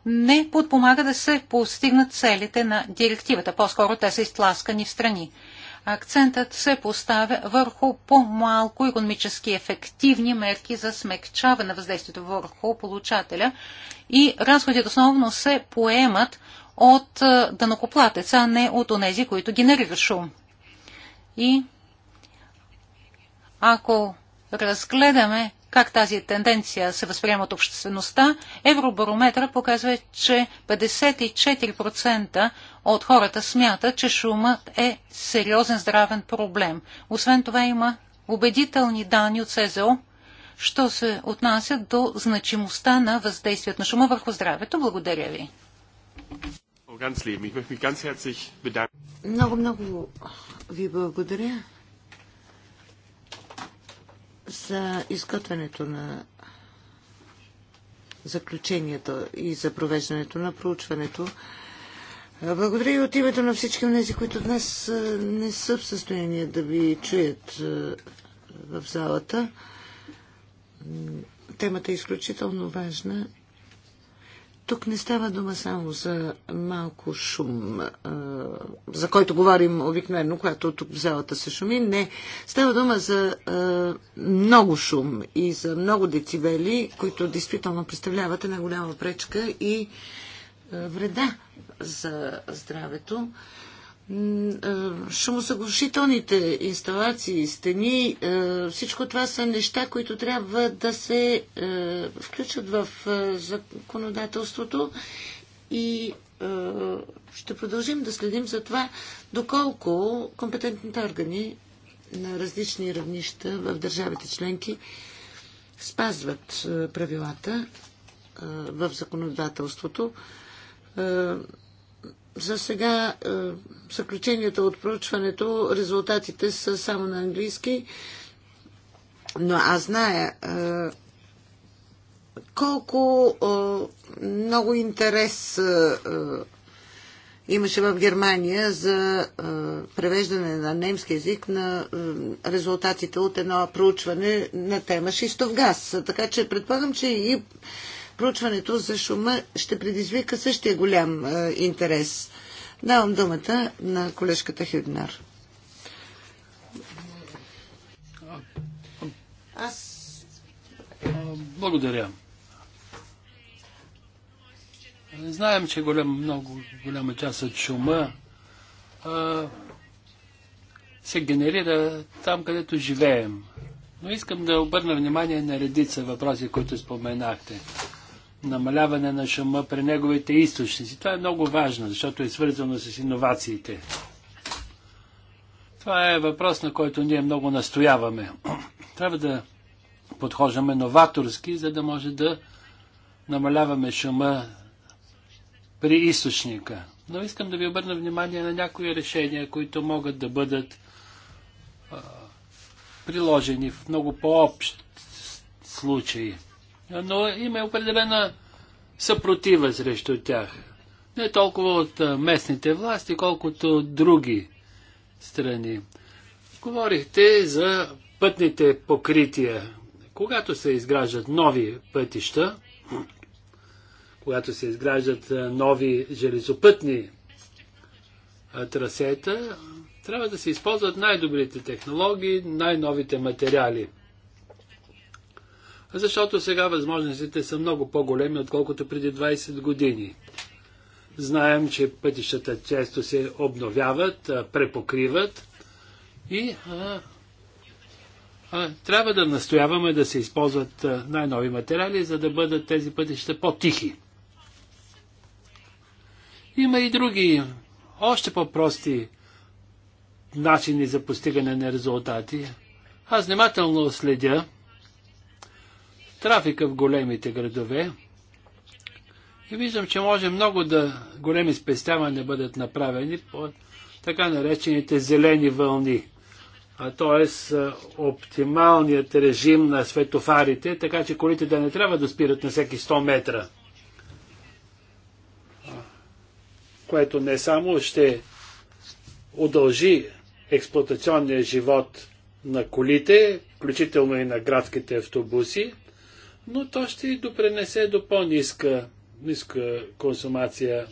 не подпомага да се постигнат целите на директивата. По-скоро те са изтласкани в страни. Акцентът се поставя върху по-малко економически ефективни мерки за смекчаване на въздействието върху получателя и разходите основно се поемат от данокоплатеца, а не от онези, които генерират шум. И ако разгледаме как тази тенденция се възприема от обществеността, Евробарометра показва, че 54% от хората смятат, че шумът е сериозен здравен проблем. Освен това има убедителни данни от СЗО, що се отнася до значимостта на въздействието на шума върху здравето. Благодаря ви. Много, много ви благодаря за изготвянето на заключението и за провеждането на проучването. Благодаря и от името на всички от тези, които днес не са в състояние да ви чуят в залата. Темата е изключително важна тук не става дума само за малко шум, за който говорим обикновено, когато тук в залата се шуми. Не, става дума за много шум и за много децибели, които действително представляват една голяма пречка и вреда за здравето. Е, шумосъглушителните инсталации, стени, е, всичко това са неща, които трябва да се е, включат в законодателството и ще продължим да следим за това, доколко компетентните органи на различни равнища в държавите членки спазват правилата в законодателството за сега съключенията заключенията от проучването, резултатите са само на английски, но аз зная е, колко е, много интерес е, имаше в Германия за превеждане на немски язик на резултатите от едно проучване на тема шистов газ. Така че предполагам, че и проучването за шума ще предизвика същия голям а, е, интерес. Давам думата на колежката Хюднар. Аз. Благодаря. Знаем, че голям, много голяма част от шума а, се генерира там, където живеем. Но искам да обърна внимание на редица въпроси, които споменахте намаляване на шума при неговите източници. Това е много важно, защото е свързано с иновациите. Това е въпрос, на който ние много настояваме. [clears throat] Трябва да подхождаме новаторски, за да може да намаляваме шума при източника. Но искам да ви обърна внимание на някои решения, които могат да бъдат приложени в много по-общ случай но има определена съпротива срещу тях. Не толкова от местните власти, колкото от други страни. Говорихте за пътните покрития. Когато се изграждат нови пътища, [clears throat] когато се изграждат нови железопътни трасета, трябва да се използват най-добрите технологии, най-новите материали. Защото сега възможностите са много по-големи, отколкото преди 20 години. Знаем, че пътищата често се обновяват, препокриват и а, а, трябва да настояваме да се използват най-нови материали, за да бъдат тези пътища по-тихи. Има и други, още по-прости начини за постигане на резултати. Аз внимателно следя трафика в големите градове. И виждам, че може много да големи спестявания бъдат направени по така наречените зелени вълни. А т.е. оптималният режим на светофарите, така че колите да не трябва да спират на всеки 100 метра. Което не само ще удължи експлуатационния живот на колите, включително и на градските автобуси, но то ще и допренесе до по-ниска ниска консумация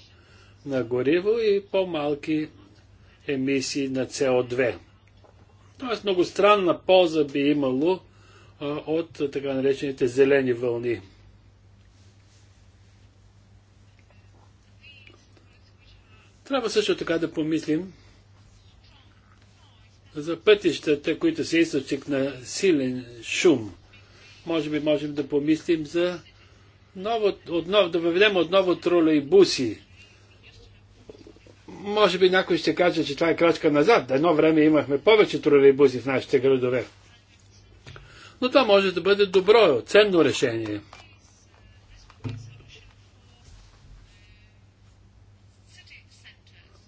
на гориво и по-малки емисии на co 2 Тоест много странна полза би имало а, от така наречените зелени вълни. Трябва също така да помислим за пътищата, които са източник на силен шум – може би можем да помислим за ново, отнов, да въведем отново тролейбуси. Може би някой ще каже, че това е крачка назад. Едно време имахме повече тролейбуси в нашите градове. Но това може да бъде добро, ценно решение.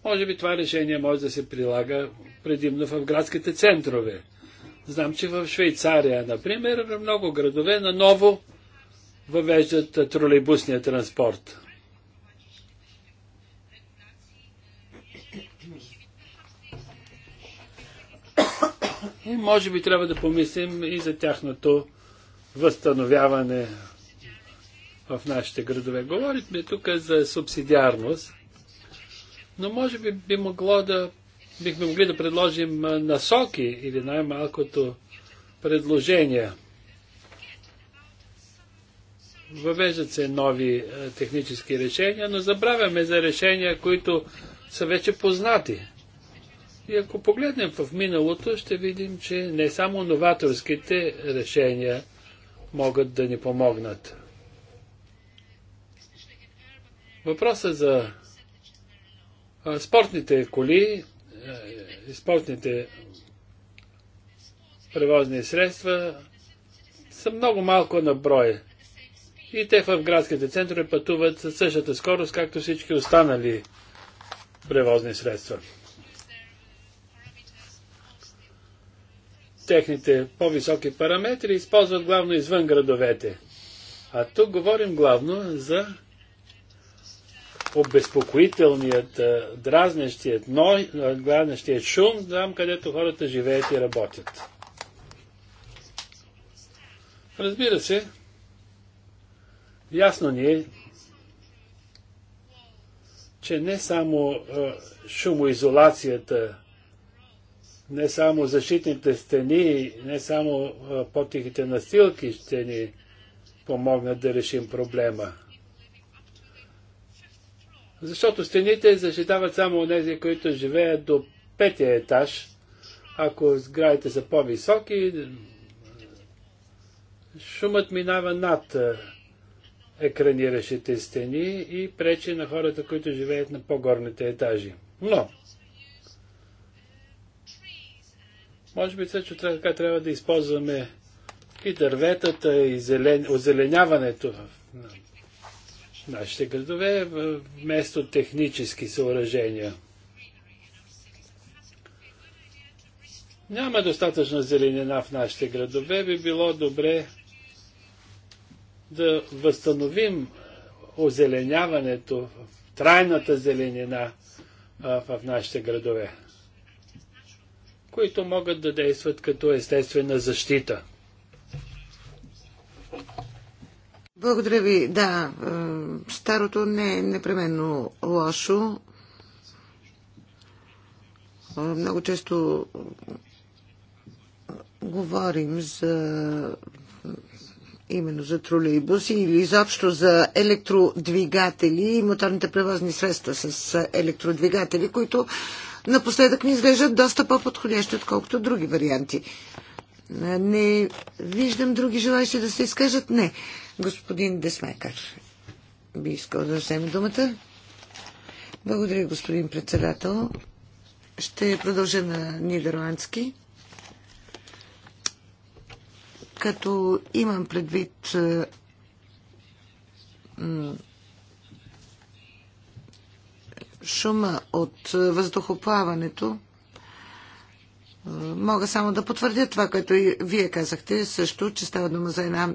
Може би това решение може да се прилага предимно в градските центрове. Знам, че в Швейцария, например, много градове наново въвеждат тролейбусния транспорт. И може би трябва да помислим и за тяхното възстановяване в нашите градове. Говорихме тук за субсидиарност, но може би би могло да бихме могли да предложим насоки или най-малкото предложения. Въвеждат се нови технически решения, но забравяме за решения, които са вече познати. И ако погледнем в миналото, ще видим, че не само новаторските решения могат да ни помогнат. Въпросът за спортните коли спортните е, е, превозни средства са много малко на брой. И те в градските центрове пътуват със същата скорост, както всички останали превозни средства. Техните по-високи параметри използват главно извън градовете. А тук говорим главно за обезпокоителният, дразнещият, но, дразнещият шум, там където хората живеят и работят. Разбира се, ясно ни е, че не само шумоизолацията, не само защитните стени, не само по-тихите настилки ще ни помогнат да решим проблема. Защото стените защитават само тези, които живеят до петия етаж. Ако сградите са по-високи, шумът минава над е, екраниращите стени и пречи на хората, които живеят на по-горните етажи. Но, може би също така трябва да използваме и дърветата, и зелен... озеленяването нашите градове вместо технически съоръжения. Няма достатъчно зеленина в нашите градове. Би било добре да възстановим озеленяването, трайната зеленина в нашите градове, които могат да действат като естествена защита. Благодаря ви. Да, е, старото не е непременно лошо. Е, много често говорим за именно за тролейбуси или изобщо за електродвигатели и моторните превозни средства с електродвигатели, които напоследък ми изглеждат доста по-подходящи, отколкото други варианти. Е, не виждам други желаящи да се изкажат. Не. Господин Десмекар би искал да вземе думата. Благодаря, господин председател. Ще продължа на нидерландски. Като имам предвид шума от въздухоплаването, мога само да потвърдя това, което и вие казахте също, че става дума за една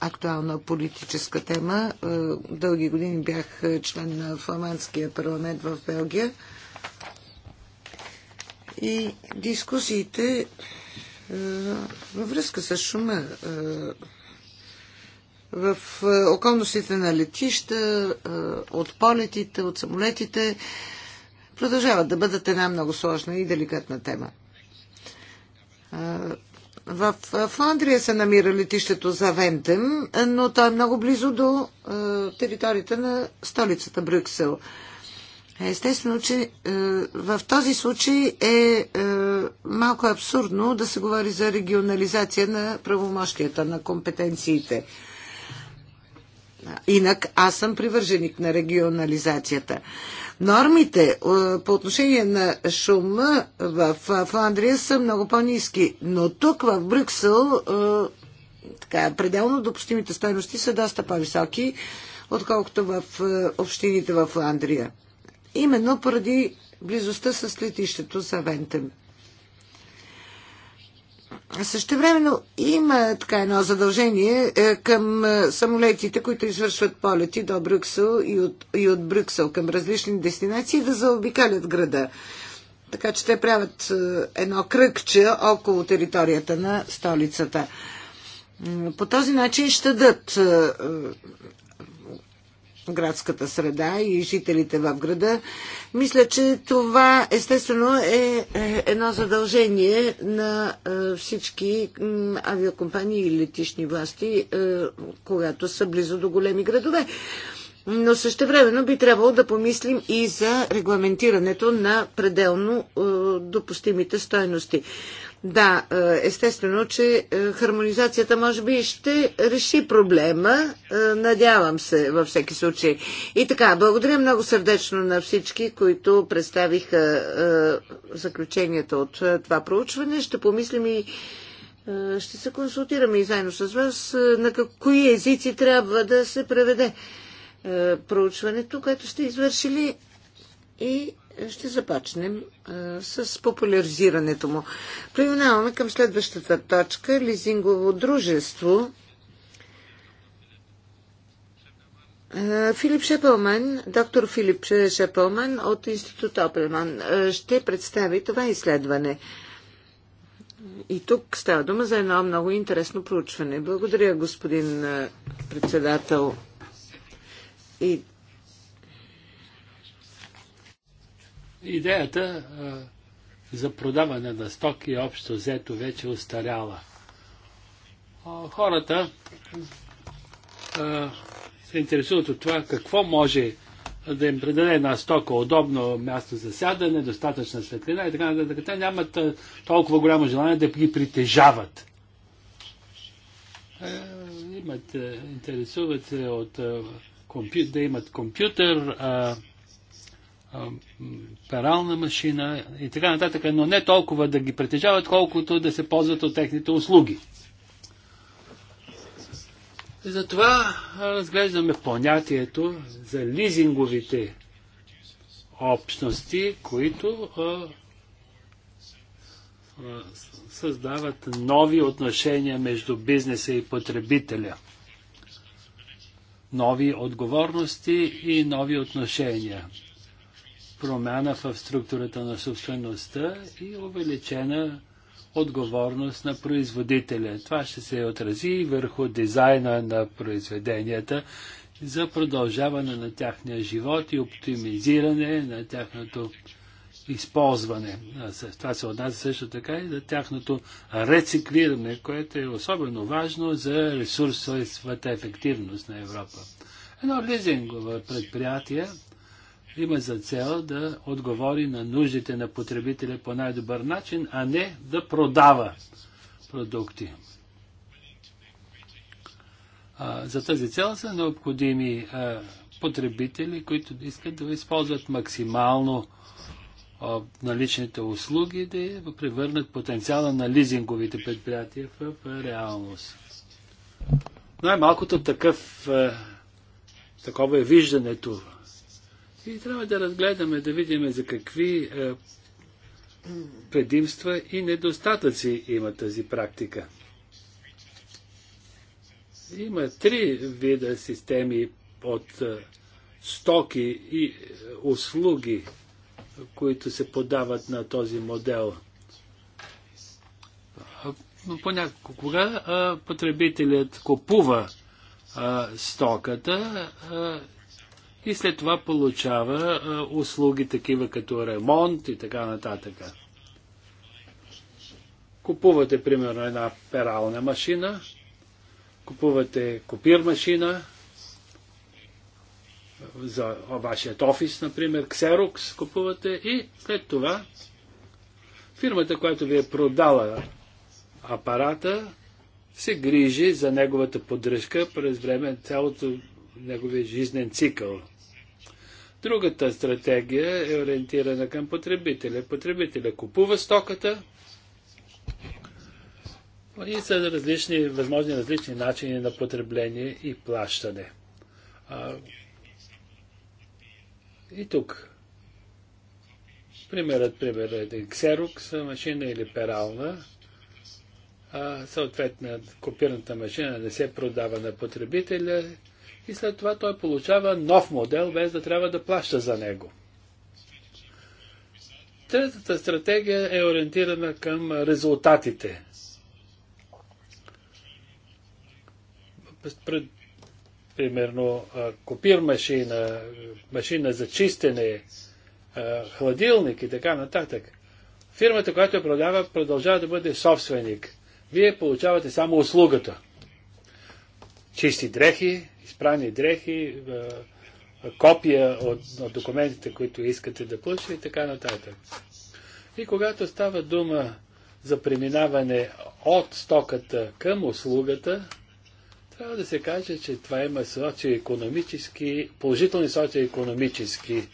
актуална политическа тема. Е, дълги години бях член на фламандския парламент в Белгия. И дискусиите е, във връзка с шума е, в околностите на летища, от полетите, от самолетите, продължават да бъдат една много сложна и деликатна тема. В Фландрия се намира летището за Вентем, но то е много близо до е, територията на столицата Брюксел. Естествено, че е, в този случай е, е малко абсурдно да се говори за регионализация на правомощията, на компетенциите. Инак аз съм привърженик на регионализацията. Нормите е, по отношение на шума в е, Фландрия са много по-низки, но тук в Брюксел е, така, пределно допустимите стоености са доста по-високи, отколкото в общините в Фландрия. Именно поради близостта с летището за Вентем времено има така едно задължение е, към е, самолетите, които извършват полети до Брюксел и от, и от Брюксел към различни дестинации да заобикалят града. Така че те правят е, едно кръгче около територията на столицата. По този начин дадат градската среда и жителите в града. Мисля, че това естествено е, е едно задължение на е, всички авиакомпании и летишни власти, е, когато са близо до големи градове. Но същевременно би трябвало да помислим и за регламентирането на пределно допустимите стойности. Да, е, естествено, че е, хармонизацията може би ще реши проблема. Е, надявам се във всеки случай. И така, благодаря много сърдечно на всички, които представиха заключенията от това проучване. Ще помислим и ще се консултираме и заедно с вас на кои езици трябва да се преведе проучването, което сте извършили и ще започнем а, с популяризирането му. Преминаваме към следващата точка лизингово дружество. Филип Шепелман, доктор Филип Шепелман от Институт Опелман ще представи това изследване. И тук става дума за едно много интересно проучване. Благодаря, господин председател. И Идеята за продаване на стоки общо взето вече устаряла. Хората се интересуват от това какво може да им предаде една стока, удобно място за сядане, достатъчна светлина и така нататък. Те нямат толкова голямо желание да ги притежават. Имат, интересуват се от да имат компютър, перална машина и така нататък, но не толкова да ги притежават, колкото да се ползват от техните услуги. И затова разглеждаме понятието за лизинговите общности, които а, а, създават нови отношения между бизнеса и потребителя. Нови отговорности и нови отношения промяна в структурата на собствеността и увеличена отговорност на производителя. Това ще се отрази и върху дизайна на произведенията за продължаване на тяхния живот и оптимизиране на тяхното използване. Това се отнася също така и за тяхното рециклиране, което е особено важно за ресурсовата ефективност на Европа. Едно лизингово предприятие има за цел да отговори на нуждите на потребителя по най-добър начин, а не да продава продукти. А, за тази цел са необходими а, потребители, които искат да използват максимално а, наличните услуги, да превърнат потенциала на лизинговите предприятия в, в реалност. Най-малкото такъв, такова е виждането и трябва да разгледаме, да видим за какви е, предимства и недостатъци има тази практика. Има три вида системи от е, стоки и е, услуги, които се подават на този модел. Понякога е, потребителят купува а, е, стоката а, и след това получава а, услуги такива като ремонт и така нататък. Купувате, примерно, една перална машина, купувате копир машина за вашият офис, например, Xerox купувате и след това фирмата, която ви е продала апарата, се грижи за неговата поддръжка през време цялото неговия жизнен цикъл. Другата стратегия е ориентирана към потребителя. Потребителя купува стоката и са различни, възможни различни начини на потребление и плащане. А, и тук. Примерът, примерът е Xerox машина или перална. А, съответно, копираната машина не се продава на потребителя, и след това той получава нов модел, без да трябва да плаща за него. Третата стратегия е ориентирана към резултатите. Пред, примерно копир машина, машина за чистене, хладилник и така нататък. Фирмата, която я продава, продължава да бъде собственик. Вие получавате само услугата чисти дрехи, изпрани дрехи, копия от, от документите, които искате да получите и така нататък. И когато става дума за преминаване от стоката към услугата, трябва да се каже, че това има социо-економически, положителни социоекономически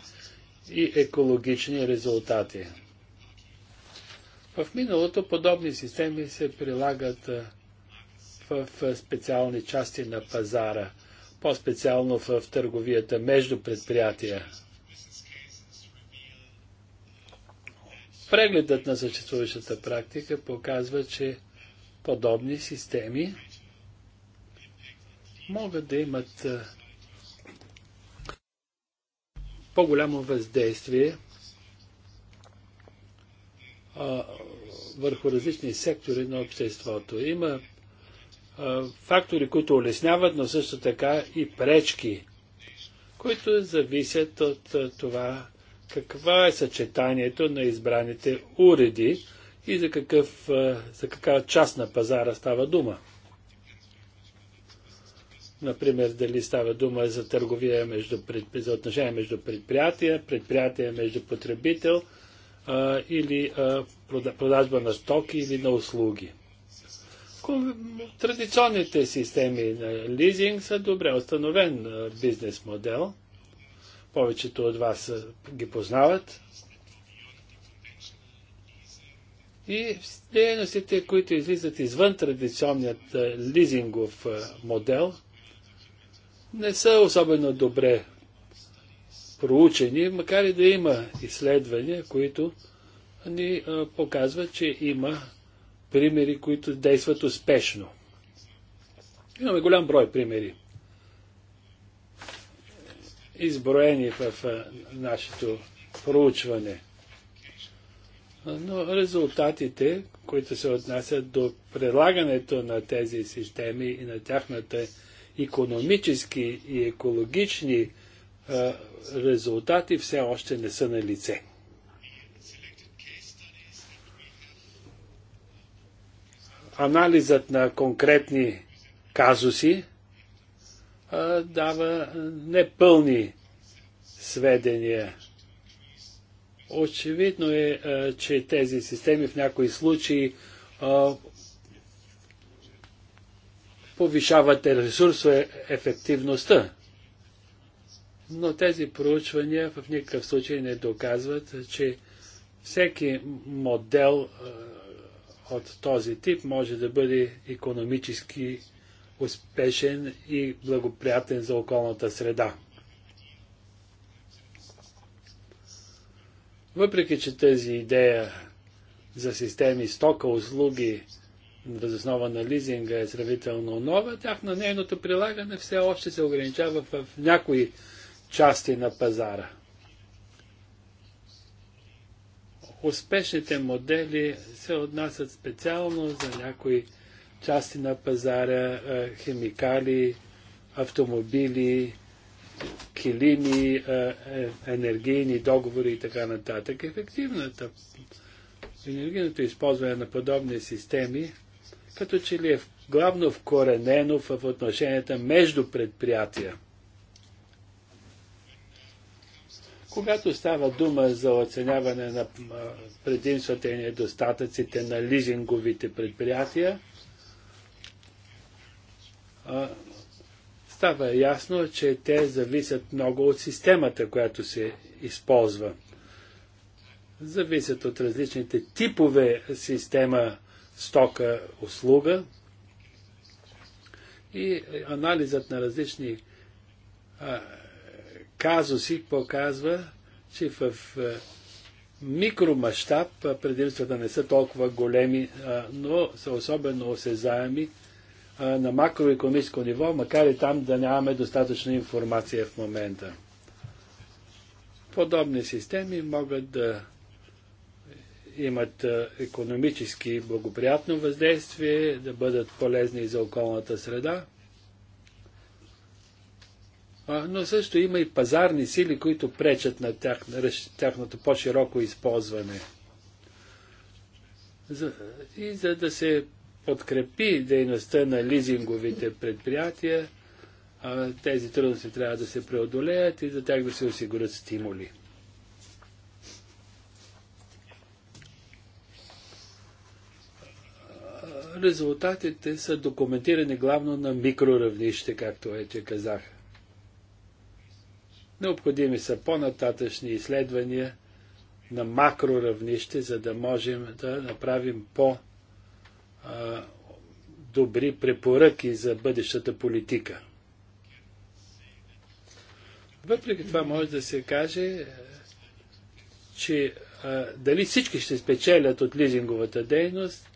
и екологични резултати. В миналото подобни системи се прилагат в специални части на пазара, по-специално в търговията между предприятия. Прегледът на съществуващата практика показва, че подобни системи могат да имат по-голямо въздействие върху различни сектори на обществото. Има фактори, които улесняват, но също така и пречки, които зависят от това каква е съчетанието на избраните уреди и за, какъв, за каква част на пазара става дума. Например, дали става дума за търговия между за отношение между предприятия, предприятия между потребител а, или а, продажба на стоки или на услуги. Традиционните системи на лизинг са добре установен бизнес модел. Повечето от вас ги познават. И дейностите, които излизат извън традиционният лизингов модел, не са особено добре проучени, макар и да има изследвания, които ни показват, че има примери, които действат успешно. Имаме голям брой примери. Изброени в нашето проучване. Но резултатите, които се отнасят до прилагането на тези системи и на тяхната економически и екологични резултати, все още не са на лице. анализът на конкретни казуси а, дава непълни сведения. Очевидно е, а, че тези системи в някои случаи а, повишават ресурсова е, ефективността. Но тези проучвания в никакъв случай не доказват, че всеки модел от този тип може да бъде економически успешен и благоприятен за околната среда. Въпреки, че тази идея за системи стока, услуги, възоснова на лизинга е сравнително нова, тях на нейното прилагане все още се ограничава в някои части на пазара – успешните модели се отнасят специално за някои части на пазара, е, химикали, автомобили, килими, е, е, енергийни договори и така нататък. Ефективната енергийното използване на подобни системи като че ли е главно вкоренено в отношенията между предприятия. Когато става дума за оценяване на предимствата и недостатъците на лизинговите предприятия, става ясно, че те зависят много от системата, която се използва. Зависят от различните типове система, стока, услуга и анализът на различни казуси показва, че в е, микромащаб предимствата не са толкова големи, но са особено осезаеми на макроекономическо ниво, макар и там да нямаме достатъчна информация в момента. Подобни системи могат да имат економически благоприятно въздействие, да бъдат полезни и за околната среда, но също има и пазарни сили, които пречат на тях, тяхното по-широко използване. За, и за да се подкрепи дейността на лизинговите предприятия, тези трудности трябва да се преодолеят и за тях да се осигурят стимули. Резултатите са документирани главно на микроравнище, както вече казах. Необходими са по-нататъчни изследвания на макроравнище, за да можем да направим по-добри препоръки за бъдещата политика. Въпреки това може да се каже, че а, дали всички ще спечелят от лизинговата дейност,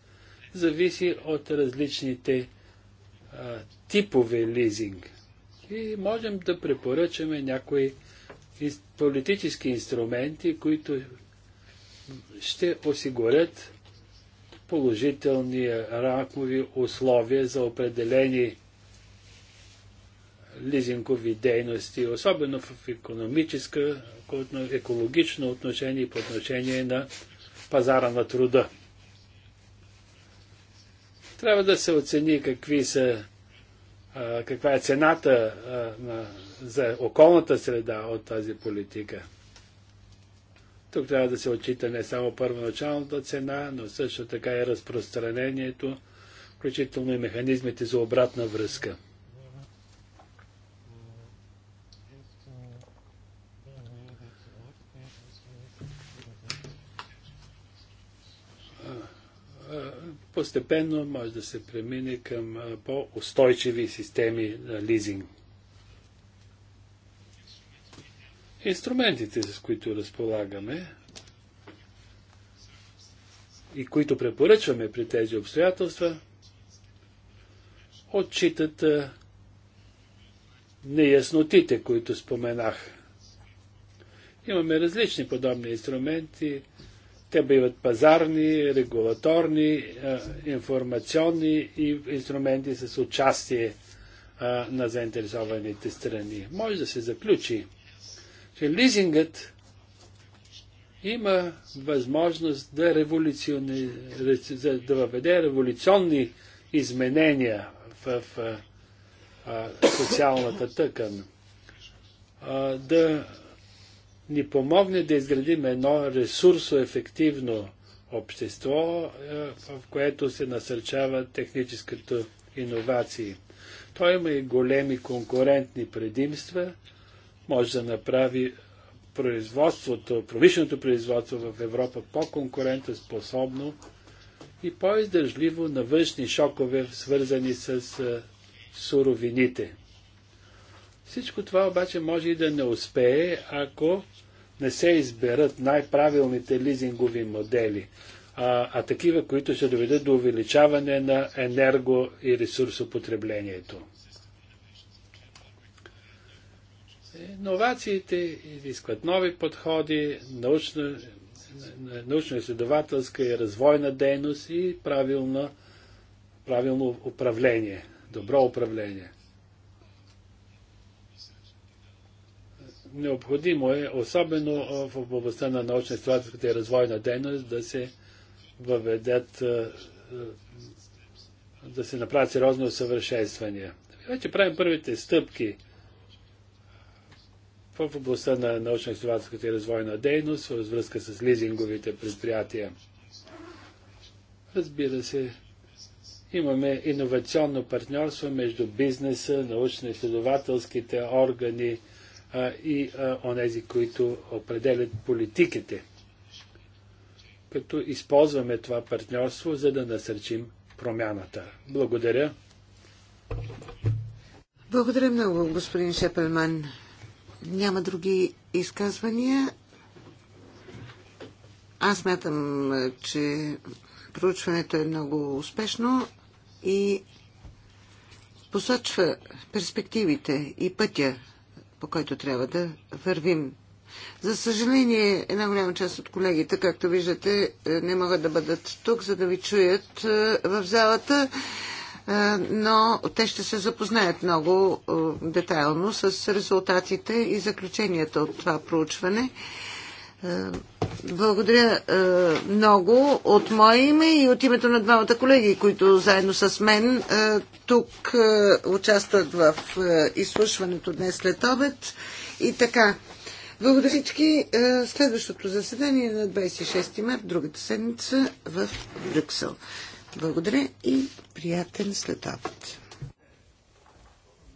зависи от различните а, типове лизинг. И можем да препоръчаме някои политически инструменти, които ще осигурят положителни рамкови условия за определени лизингови дейности, особено в економическа, екологично отношение и по отношение на пазара на труда. Трябва да се оцени какви са каква е цената за околната среда от тази политика. Тук трябва да се отчита не само първоначалната цена, но също така и разпространението, включително и механизмите за обратна връзка. постепенно може да се премине към по-устойчиви системи на лизинг. Инструментите, с които разполагаме и които препоръчваме при тези обстоятелства, отчитат неяснотите, които споменах. Имаме различни подобни инструменти, те биват пазарни, регулаторни, е, информационни и инструменти с участие е, на заинтересованите страни. Може да се заключи, че лизингът има възможност да, да въведе революционни изменения в, е, социалната тъкан, да ни помогне да изградим едно ресурсоефективно общество, е, в което се насърчава техническата иновации. Той има и големи конкурентни предимства, може да направи производството, промишленото производство в Европа по-конкурентоспособно и по-издържливо на външни шокове, свързани с е, суровините. Всичко това обаче може и да не успее, ако не се изберат най-правилните лизингови модели, а, а такива, които ще доведат до увеличаване на енерго и ресурсопотреблението. Иновациите изискват нови подходи, научна, научно-изследователска и развойна дейност и правилно, правилно управление, добро управление. необходимо е, особено в областта на научно-изследователската и развойна дейност, да се въведат, да се направят сериозни усъвършенствания. Вече правим първите стъпки в областта на научно-изследователската и развойна дейност, във връзка с лизинговите предприятия. Разбира се, имаме иновационно партньорство между бизнеса, научно-изследователските органи, а и онези, които определят политиките. Като използваме това партньорство, за да насърчим промяната. Благодаря. Благодаря много, господин Шепелман. Няма други изказвания. Аз мятам, че проучването е много успешно и посочва перспективите и пътя по който трябва да вървим. За съжаление, една голяма част от колегите, както виждате, е, не могат да бъдат тук, за да ви чуят е, в залата, е, но те ще се запознаят много детайлно с резултатите и заключенията от това проучване. Е, благодаря е, много от мое име и от името на двамата колеги, които заедно с мен е, тук участват в изслушването днес след обед. И така, благодаря всички. Следващото заседание на 26 март, другата седмица в Брюксел. Благодаря и приятен следобед.